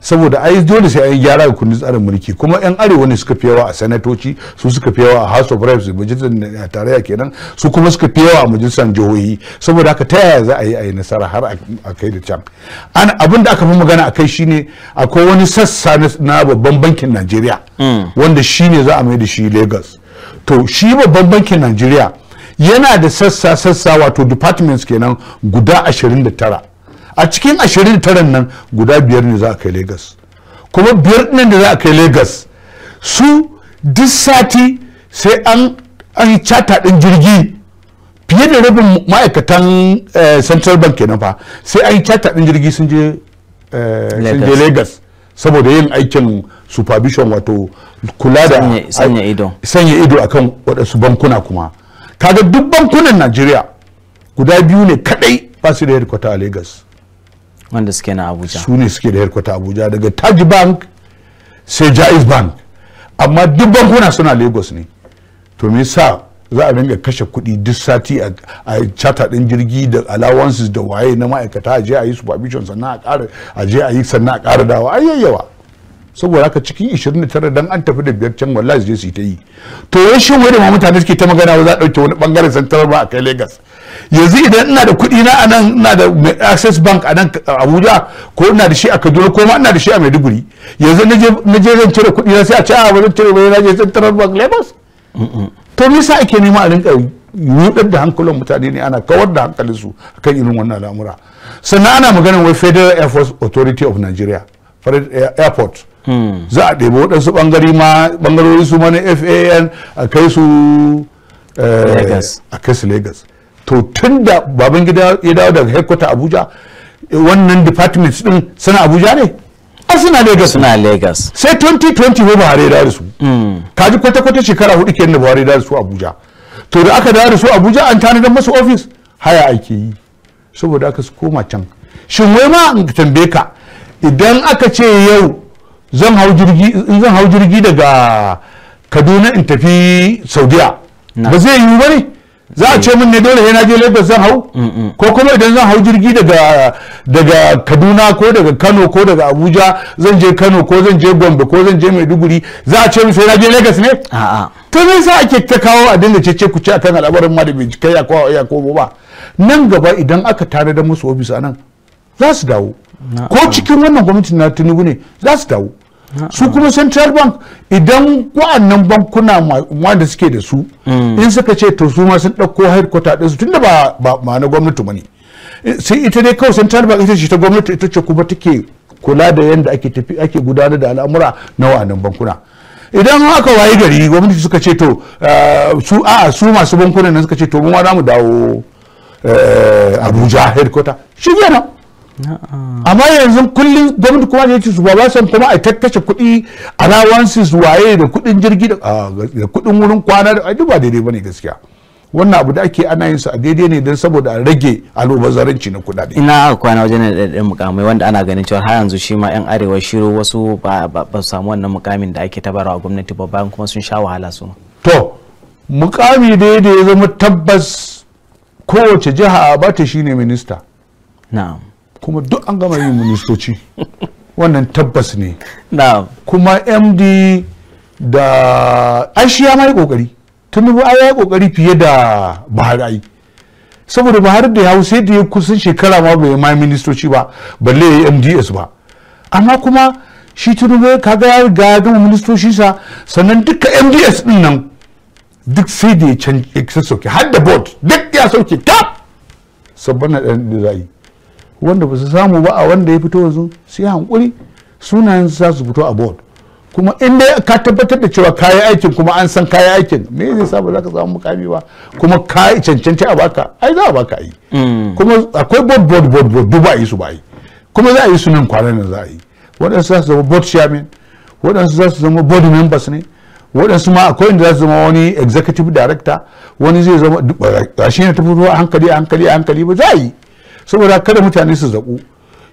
saboda ai dole sai an gyara kundin tsarin mulki kuma yan arewa ne suka fi yawa a sanatoci su suka fi yawa a house of reps majalisar tarayya kenan su kuma suka fi yawa a majalisar jihohi saboda haka ta yaya za a yi a nasara har a kai da can an abin da aka fi magana a kai shine akwai wani sassa na babban bankin najeriya mm. wanda shine za a mai da shi lagos to shi babban bankin najeriya yana da sassa sassa wato departments kenan guda 29 a cikin 29 nan guda biyar ne za a kai lagos kuma biyar nan da za a kai lagos su duk sati sai an an cata din jirgi fiye da rabin ma'aikatan eh, central bank kenan fa sai an chata din jirgi sun je eh, lagos saboda yin aikin supervision wato kula da sanya ido akan waɗansu bankuna kuma kaga duk bankunan najeriya guda biyu ne kadai ba su da headquarter a lagos wanda suke na abuja su ne suke da headquarter abuja daga taj bank sai jaiz bank amma duk bankuna suna lagos ne to me yasa za a dinga kashe kuɗi duk sati a chata ɗin jirgi da allowances da waye na ma'aikata a je a yi supervision sannan a kara a je a yi sannan a ƙara dawa ai saboda haka cikin 29 dan an tafi da biyar can wallahi je su ta yi to ya shi wani ma mutane suke ta magana ba za a dauke wani bangaren central ba a kai Lagos yanzu idan ina da kuɗi na anan ina da Access Bank a Abuja ko ina da shi a Kaduna ko ma ina da shi a Maiduguri yanzu na je zan cire kuɗi na sai a ce a ah, ba zan cire ba na je central bank Lagos to me yasa ake nema a rinka rudar da hankulan mutane ne ana kawar da hankalin su kan irin wannan al'amura sannan ana maganin wai Federal Air Force Authority of Nigeria Airport za a ɗebi waɗansu ɓangare ma ɓangarori su mana fan a kai su eh, a kai su lagos to tun da baban gida ya dawo daga hekwata abuja wannan departments din suna abuja ne a suna lagos suna lagos sai 2020 ne buhari ya dawo da su mm. kaji kwata-kwata shekara hudu kenan da buhari ya dawo su abuja to da aka dawo su abuja an tanadar masu ofis haya ake yi saboda aka su koma can shin wai ma in tambaye ka idan aka ce yau zan hau jirgi hau jirgi daga kaduna in tafi saudiya ba zai yiwu ba ne za a ce min ne dole sai je lagos zan hau ko kuma idan zan hau jirgi daga kaduna ko daga kano ko daga abuja zan je kano ko zan je gombe ko zan je maiduguri za a ce min sai na je lagos ne to zai sa ake ta kawo a dinga cece ku ce akan al'amarin ma da bincikai ya kowa ya ba nan gaba idan aka tare da musu ofis a nan za su dawo ko cikin wannan gwamnati na tinubu ne za su dawo su kuma central bank idan wa'annan bankuna wanda suke da su mm. in suka ce to su ma sun ɗauko headquarter ɗinsu tunda ba ba na gwamnati ba ne eh, sai ita dai kawai central bank ita ce ta gwamnati ita ce kuma take kula da yadda ake tafi ake gudanar da al'amura na wa'annan bankuna idan haka waye gari gwamnati suka ce to eh, su a su masu bankuna nan suka ce to mu ma za mu dawo eh, abuja headquarter shi kenan amma yanzu kullum gwamnati kuma da yake shugaba san kuma a tattace kuɗi allowances waye da kuɗin jirgi da ah, kuɗin wurin kwana da ba daidai bane gaskiya wannan abu da ake ana yin su a daidai ne don saboda a rage al'ubazaranci na kuɗaɗe. ina kwana wajen da ɗaiɗaɗɗen mukamai wanda ana ganin cewa har yanzu shi ma 'yan arewa shiru wasu ba samu wannan mukamin da ake tabarawa gwamnati ba bayan kuma sun sha wahala su. to mukami dai da ya zama tabbas kowace jiha a ta shine minista. na'am kuma duk an gama yin ministoci wannan tabbas ne kuma md da ai ya mai kokari tunubu ai ya yi kokari fiye da buhari ai saboda buhari da ya hau sai da ya kusan shekara ma bai ma ministoci ba balle ya yi mds ba amma kuma shi tunubu kaga ya riga ya gama ministoci sa sannan duka mds din nan duk sai da ya sauke har da board duk ya sauke tap sabbin da za yi wanda ba su samu ba a wanda ya fito yanzu su yi hankuri sunayen za su fito a board kuma in dai ka tabbatar da cewa kayi aikin kuma an san kayi aikin me zai sa ba za ka samu mukami ba kuma ka cancanci a baka ai za a baka yi mm. kuma akwai board board board board duk ba yi su ba yi kuma za a yi su nan kwanan nan za a yi waɗansu za su zama board chairman waɗansu za su zama board members ne waɗansu ma akwai inda za su zama wani executive director wani zai zama ba shi ne ta fito a hankali a hankali a hankali ba za a yi saboda kada mutane su zaɓu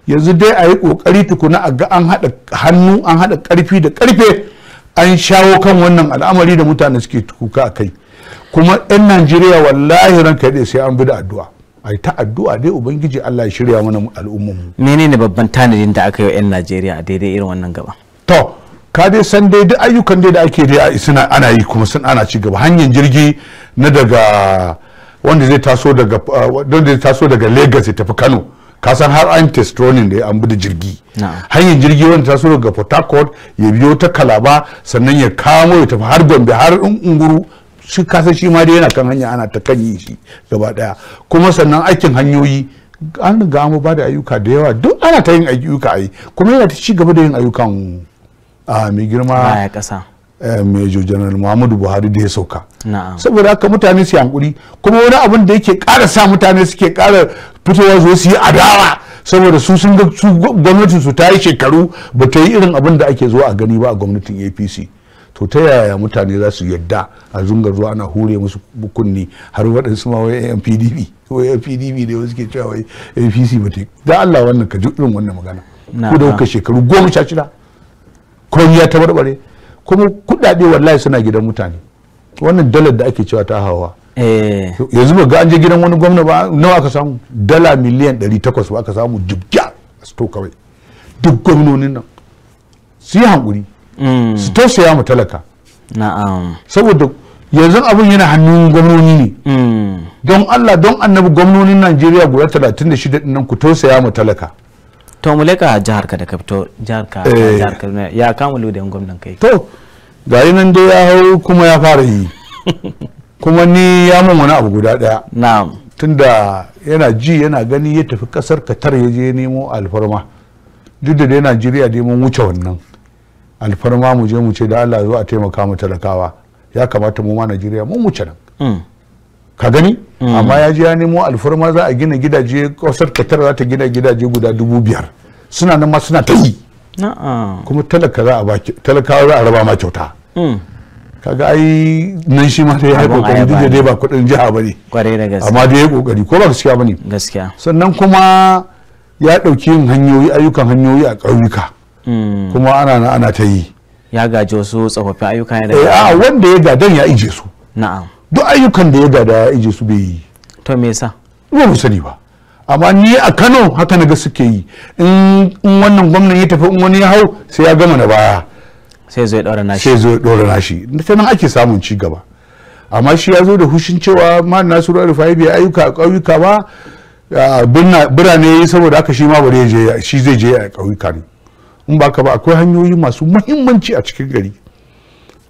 yanzu dai a yi ƙoƙari tukuna a ga an haɗa hannu an haɗa ƙarfi da ƙarfe an shawo kan wannan al'amari da mutane suke kuka a kai kuma 'yan najeriya wallahi ran kai sai an bi da addu'a a ta addu'a dai ubangiji allah ya shirya mana al'ummar mu menene babban tanadin da aka yi wa 'yan najeriya a daidai irin wannan gaba to ka dai san dai duk ayyukan dai da ake dai suna ana yi kuma sun ana ci gaba hanyar jirgi na daga wanda zai taso daga uh, wanda zai taso daga Lagos ya tafi Kano ka san har an testronin da an bude da jirgi hanyar jirgi wanda taso daga Port Harcourt ya biyo ta Kalaba sannan ya kamo ya tafi har Gombe har Unguru shi ka san shi ma dai yana kan hanya ana ta kan shi gaba daya kuma sannan aikin hanyoyi an ga mu ba da ayyuka da yawa duk ana ta yin ayyuka ai kuma yana ta ci gaba da yin ayyukan a ah, mai girma a kasa Eh, major general muhammadu buhari da ya sauka saboda haka mutane su hankuri kuma wani abin da yake ƙara sa mutane suke ƙara fitowa zuwa su yi adawa saboda su sun ga gwamnatin su ta yi shekaru ba ta yi irin abin da ake zuwa a gani ba a gwamnatin apc to ta yaya mutane za su yadda a zunga zuwa ana hure musu kunni har waɗansu ma wai yan pdp wai yan ne wasu ke cewa wai apc ba ta da allah wannan ka ji irin wannan magana ko da kuka shekaru goma sha shida kuma ya tabarbare kuma kuɗaɗe wallahi suna gidan mutane wannan dalar da ake cewa ta hawa eh. yanzu ba ga an je gidan wani gwamna ba nawa aka samu dala miliyan 800 ba aka samu dubya sto kawai duk gwamnonin nan su yi hankuri mm. su tausaya mu talaka saboda yanzu abin yana hannun gwamnoni ne mm. don Allah don annabi gwamnonin Najeriya guda 36 din nan ku tausaya mu talaka to mu leka jihar ka da ka fito jihar ka eh. jihar Kaduna ya kama gwamnan kai to gari nan dai ya hau kuma ya fara yi [laughs] kuma ni ya mun wani abu guda daya na'am tunda yana ji yana gani ya tafi kasar katar ya je nemo alfarma duk da dai Najeriya dai mun wuce wannan alfarma mu je mu ce da Allah zo a taimaka mu talakawa ya kamata mu ma Najeriya mun wuce nan mm. ka gani mm. amma ya je ya nemo alfarma za a gina gidaje kasar katar za ta gina gidaje guda dubu biyar suna nan ma suna ta yi kuma talaka za a talakawa za a raba ma kyauta mm. kaga ai nan shi ma da ya kokari duk da dai ba kudin jiha ba ne amma dai ya kokari ko ba gaskiya ba ne sannan kuma ya dauki yin hanyoyi ayyukan hanyoyi a ƙauyuka mm. kuma ana na ana ta yi ya gaji wasu tsofaffin ayyuka ne da eh, a wanda ya gadan ya ije su na'am duk ayyukan da ya gada ya ije su bai yi to me yasa ba mu sani ba amma ni a Kano haka na ga suke yi in wannan gwamnan ya tafi in wani ya hau sai ya gama na baya sai zo ya dora nashi sai zo ya dora nashi ta nan ake samun ci gaba amma shi ya zo da hushin cewa ma nasiru rufai bai ayyuka a ƙauyuka ba birane saboda haka shi ma bare je shi zai je a ƙauyuka ne in ba ka ba akwai hanyoyi masu muhimmanci a cikin gari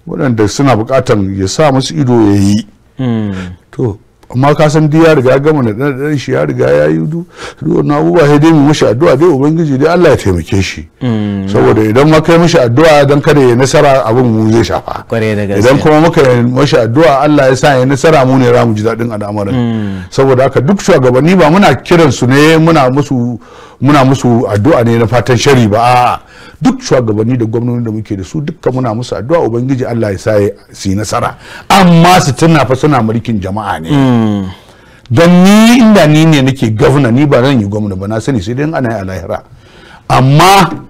waɗanda suna buƙatan ya sa musu ido ya yi to amma ka san diya riga gama da dan shi ya riga ya yi du duk na uba sai dai mu mashi addu'a dai ubangiji dai Allah ya taimake shi saboda idan muka yi mashi addu'a dan kada ya nasara abin mu zai shafa idan kuma muka yi mashi addu'a Allah ya sa ya nasara mu ne ramu ji dadin al'amarin saboda haka duk shugabanni ba muna kiran su ne muna musu muna musu addu'a ne na fatan shari ba a'a duk shugabanni da gwamnoni da muke da su dukkan muna musu addu'a ubangiji Allah ya saye su nasara amma su tana fa suna mulkin jama'a ne don ni inda ni ne nake gwamna ni ba zan yi gwamna ba na sani sai dai ana yi alahira amma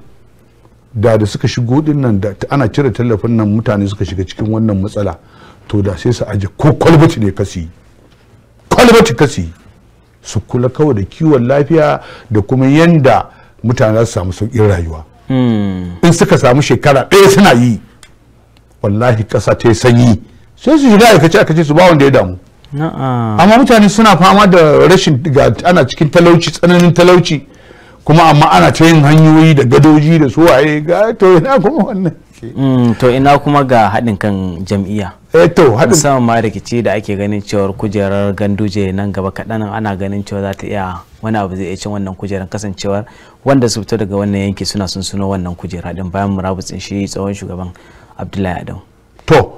da da suka shigo din nan da ana cire tallafin nan mutane suka shiga cikin wannan matsala to da sai su aje ko kwalbati ne kasi kwalbati kasi su kula kawai da kiwon lafiya da kuma yanda mutane za su samu sauƙin rayuwa Hmm. in suka samu shekara ɗaya suna yi wallahi ƙasa ta yi sanyi sai su shiga aikace aikace su ba wanda ya damu amma mutane suna fama da rashin ga ana cikin talauci tsananin talauci kuma amma ana ta yin hanyoyi da gadoji da su ga to yana kuma wannan ciki mm, to ina kuma ga haɗin kan jam'iyya eh, to haɗin musamman ma rikici da ake ganin cewar kujerar ganduje nan gaba kaɗan ana ganin cewa za ta iya wani abu zai iya cin wannan kujerar kasancewar wanda su fito daga wannan yanki suna sun suno wannan kujera din bayan murabutsin shi tsawon shugaban abdullahi adam to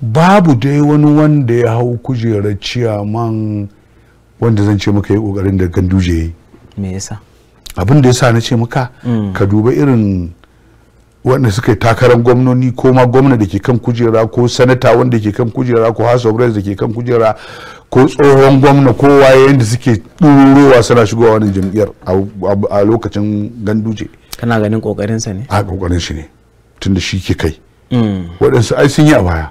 babu dai wani wanda ya hau kujerar ciyaman wanda zan ce maka yi ƙoƙarin da ganduje me yasa abin da ya sa na ce maka mm. ka duba irin wanda suka yi takarar gwamnoni ko ma gwamna da ke kan kujera ko sanata wanda ke kan kujera ko house of reps da ke kan kujera ko tsohon gwamna ko waye yadda suke ɗorowa suna shigowa wani jam'iyyar a lokacin ganduje kana ganin sa ne a kokarin shi ne tunda shi ke kai hmm. waɗansu ai sun yi a baya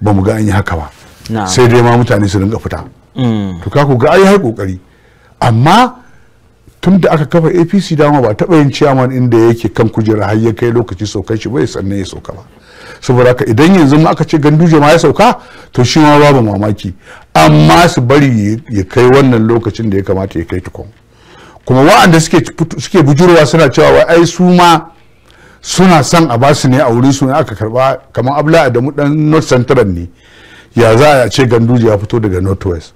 ba mu ga an yi haka ba sai dai ma mutane su dinga fita hmm. to ka ku ga ai har kokari amma tun da aka kafa apc dama ba taɓa yin ciyaman inda yake kan kujera har ya kai lokaci saukar shi bai sannan ya sauka ba saboda haka idan yanzu aka ce ganduje ma ya sauka to shi ma babu mamaki amma su bari ya kai wannan lokacin da ya kamata ya kai tukun kuma wa'anda suke bujurwa suna cewa wai ai su ma suna son a ba su ne a wurin su ne aka karba kamar abla da mu dan north central ne ya za a ce ganduje ya fito daga north west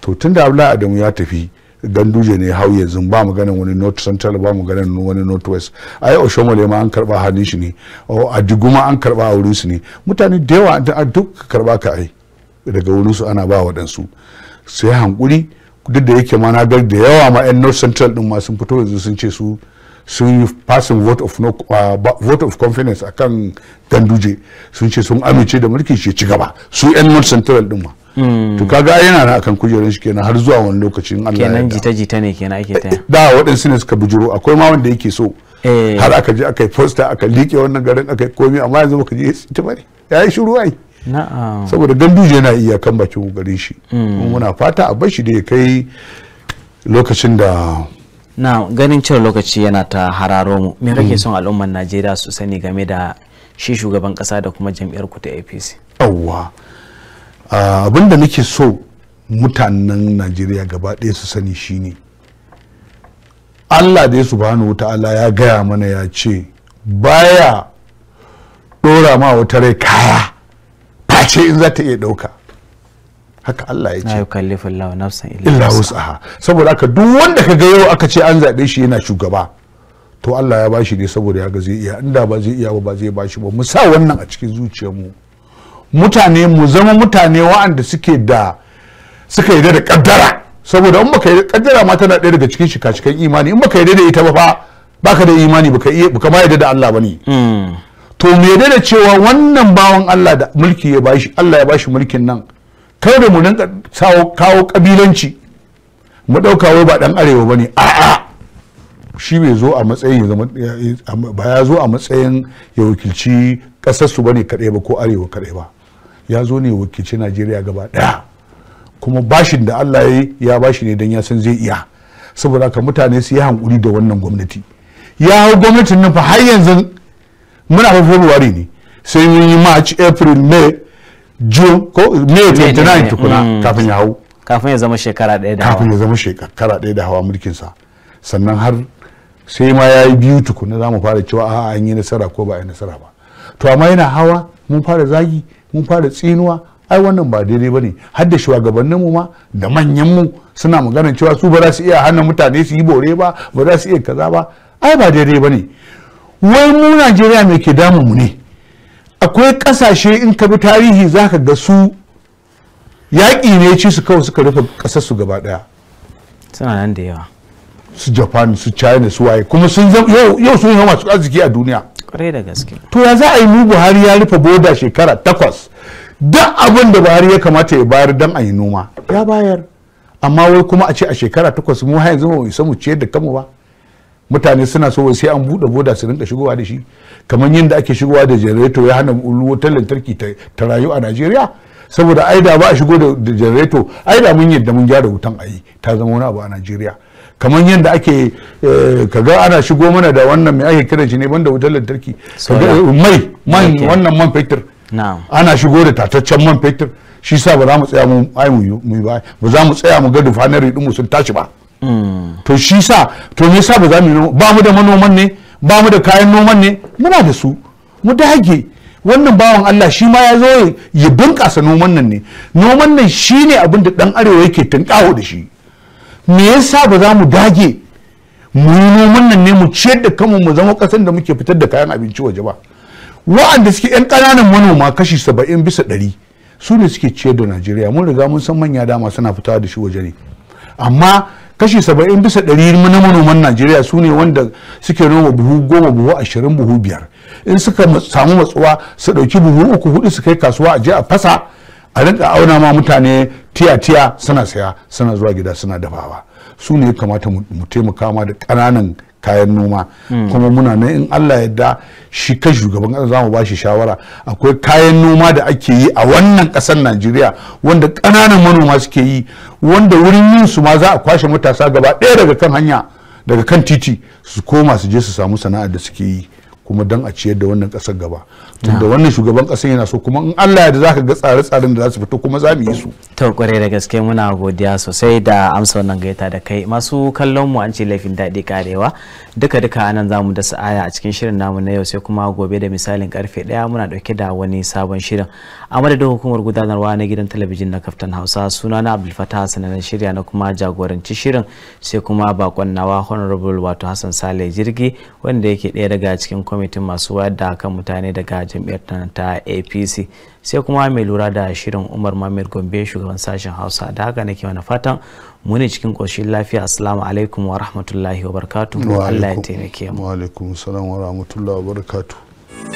to tunda abla adamu ya tafi ganduje ne hau yanzu ba ganin wani north central ba maganan wani north west a oshomole ma an karba hannun shi ne a diguma an karba a wurin su ne mutane da yawa duk karba ka ai daga wurin su ana ba waɗansu sai hankuri duk da yake ma na gar da yawa ma yan north central din ma sun fito yanzu sun ce su sun yi passing vote of, no, uh, vote akan ganduje sun ce sun amince da mulki shi ci gaba su yan north central din ma Mm. to kaga yana na akan kujerun shi kenan har zuwa wani lokacin Allah kenan jita jita ne kenan ake ta. da waɗansu ne suka bujuro akwai ma wanda yake so eh. har aka je aka yi poster aka liƙe wannan garin aka yi komai amma yanzu baka je ita bane yayi shiru ai na'am saboda ganduje yana iya kan bakin garin shi mm. muna fata a bar shi da ya kai lokacin da na ganin cewa lokaci yana ta hararo mu me kake mm. son al'ummar najeriya su sani game da shi shugaban kasa da kuma jam'iyyar ku ta apc Awwa. Ah, abin da nake so mutanen najeriya gaba ɗaya su sani shine allah da ya subhanahu ta'ala ya gaya mana ya ce baya ɗora ma wata rai kaya face in za ta iya ɗauka haka Allah ya ce illa saboda haka duk wanda ka ga yau aka ce an zaɓe shi yana shugaba to Allah ya bashi ne saboda ya ga zai iya inda ba zai iya ba ba zai bashi ba mu sa wannan a cikin zuciyarmu mu mutane mu zama mutane wa'anda suke da suka yi da kaddara saboda in baka yi kaddara ma tana ɗaya daga cikin shika cikin imani in baka yi da ita ba fa baka da imani baka iya baka ma yarda da Allah bane hmm. to me yarda da cewa wannan bawan Allah da mulki ya bashi Allah ya bashi mulkin nan kai da mu dinka kawo kabilanci mu dauka wai ba ɗan arewa bane a'a shi bai zo a matsayin ya zama ba ya zo a matsayin ya wakilci kasar su bane kadai ba ko arewa kadai ba ya zo ne wakilci Najeriya gaba daya kuma bashin da Allah ya yi ya bashi ne don ya san zai iya saboda ka mutane su yi hankuri da wannan gwamnati ya hau gwamnatin nan fa har yanzu muna fa February ne sai mun yi March April May June ko May 29 tukuna mm. kafin ya hau kafin ya zama shekara ɗaya da hawa kafin ya zama shekara ɗaya da hawa mulkinsa sannan har sai ma ya yi biyu tukuna za mu fara cewa a an yi nasara ko ba a yi nasara ba to amma yana hawa mun fara zagi mun fara tsinuwa ai wannan ba daidai ba ne har da mu ma da manyanmu suna magana cewa su ba za su iya hana mutane su yi bore ba ba za su iya kaza ba ai ba daidai ba ne wai mu najeriya mai ke mu ne akwai kasashe in ka bi tarihi za ka ga su yaƙi ne ci su kawai suka rufe ƙasar su gaba ɗaya suna nan da yawa su japan su china su waye kuma sun yau sun zama masu arziki a duniya kwarai da gaske to ya za a yi mu buhari ya rufe boda shekara takwas duk abin da buhari ya kamata ya bayar don a yi noma ya bayar amma wai kuma a ce a shekara takwas mu har yanzu mu isa mu ciyar da kanmu ba mutane suna so sai an buɗe boda su rinka shigowa da shi kamar yadda ake shigowa da janareto ya hana wutar lantarki ta rayu a najeriya saboda ai da ba a shigo da janareto ai da mun yadda mun gyara wutan ayi ta zama wani abu a najeriya kamar yadda ake eh, kaga ana shigo mana da wannan mai ake kiran shi ne banda wutar lantarki eh, mai man wannan man fetur ana shigo da tataccen man fetur shi sa ba za mu tsaya mu ai mu ba ba za mu tsaya mu ga dufanari din mu sun tashi ba mm. to shi sa to me yasa ba za mu ba mu da manoman ne ba mu da kayan noman ne muna da su mu dage wannan bawan Allah shi ma ya zo ya bunƙasa noman nan ne noman nan shine abin da dan arewa yake tunƙawo da shi me yasa ba za mu dage mu yi noman nan ne mu ciyar da kanmu mu zama ƙasar da muke fitar da kayan abinci waje ba wa'anda suke 'yan ƙananan manoma kashi saba'in bisa ɗari su ne suke ciyar da najeriya mun riga mun san manya dama suna fita da shi waje ne amma kashi saba'in bisa ɗari na manoman najeriya su ne wanda suke noma buhu goma buhu ashirin buhu biyar in suka samu matsuwa su ɗauki buhu uku hudu su kai kasuwa a je a fasa a rinka auna ma mutane tiya-tiya suna saya suna zuwa gida suna dafawa su ne ya kamata mu taimaka ma da kananan kayan noma hmm. kuma muna nan in Allah yadda shi ka shugaban kasa za mu ba shi shawara akwai kayan noma da ake yi a wannan ƙasar Najeriya wanda kananan manoma suke yi wanda wurin yin su ma za a kwashe matasa gaba ɗaya daga kan hanya daga kan titi su koma su je su samu sana'ar da suke yi kuma don a ciyar da wannan kasar gaba da wannan shugaban kasar yana so kuma in Allah da zaka ga tsare-tsaren da za su fito kuma za mu yi su to kware da gaske muna godiya sosai da amsa wannan gaita da kai masu kallon mu an ce laifin daɗi karewa duka duka anan zamu da aya a cikin shirin namu na yau sai kuma gobe da misalin karfe ɗaya muna ɗauke da wani sabon shirin a madadin hukumar gudanarwa na gidan talabijin na kaftan hausa suna na abdul fatah sanannen shirya na kuma jagoranci shirin sai kuma bakon nawa honorable wato hassan sale jirgi wanda yake ɗaya daga cikin kwamitin masu wayar da kan mutane daga jam'iyyar ta apc sai kuma mai lura da shirin umar mamir gombe shugaban sashen hausa da haka nake wani fatan mu ne cikin koshin lafiya assalamu alaikum wa rahmatullahi wa barakatuh allah ya taimake mu wa alaikum salam wa rahmatullahi wa barakatuh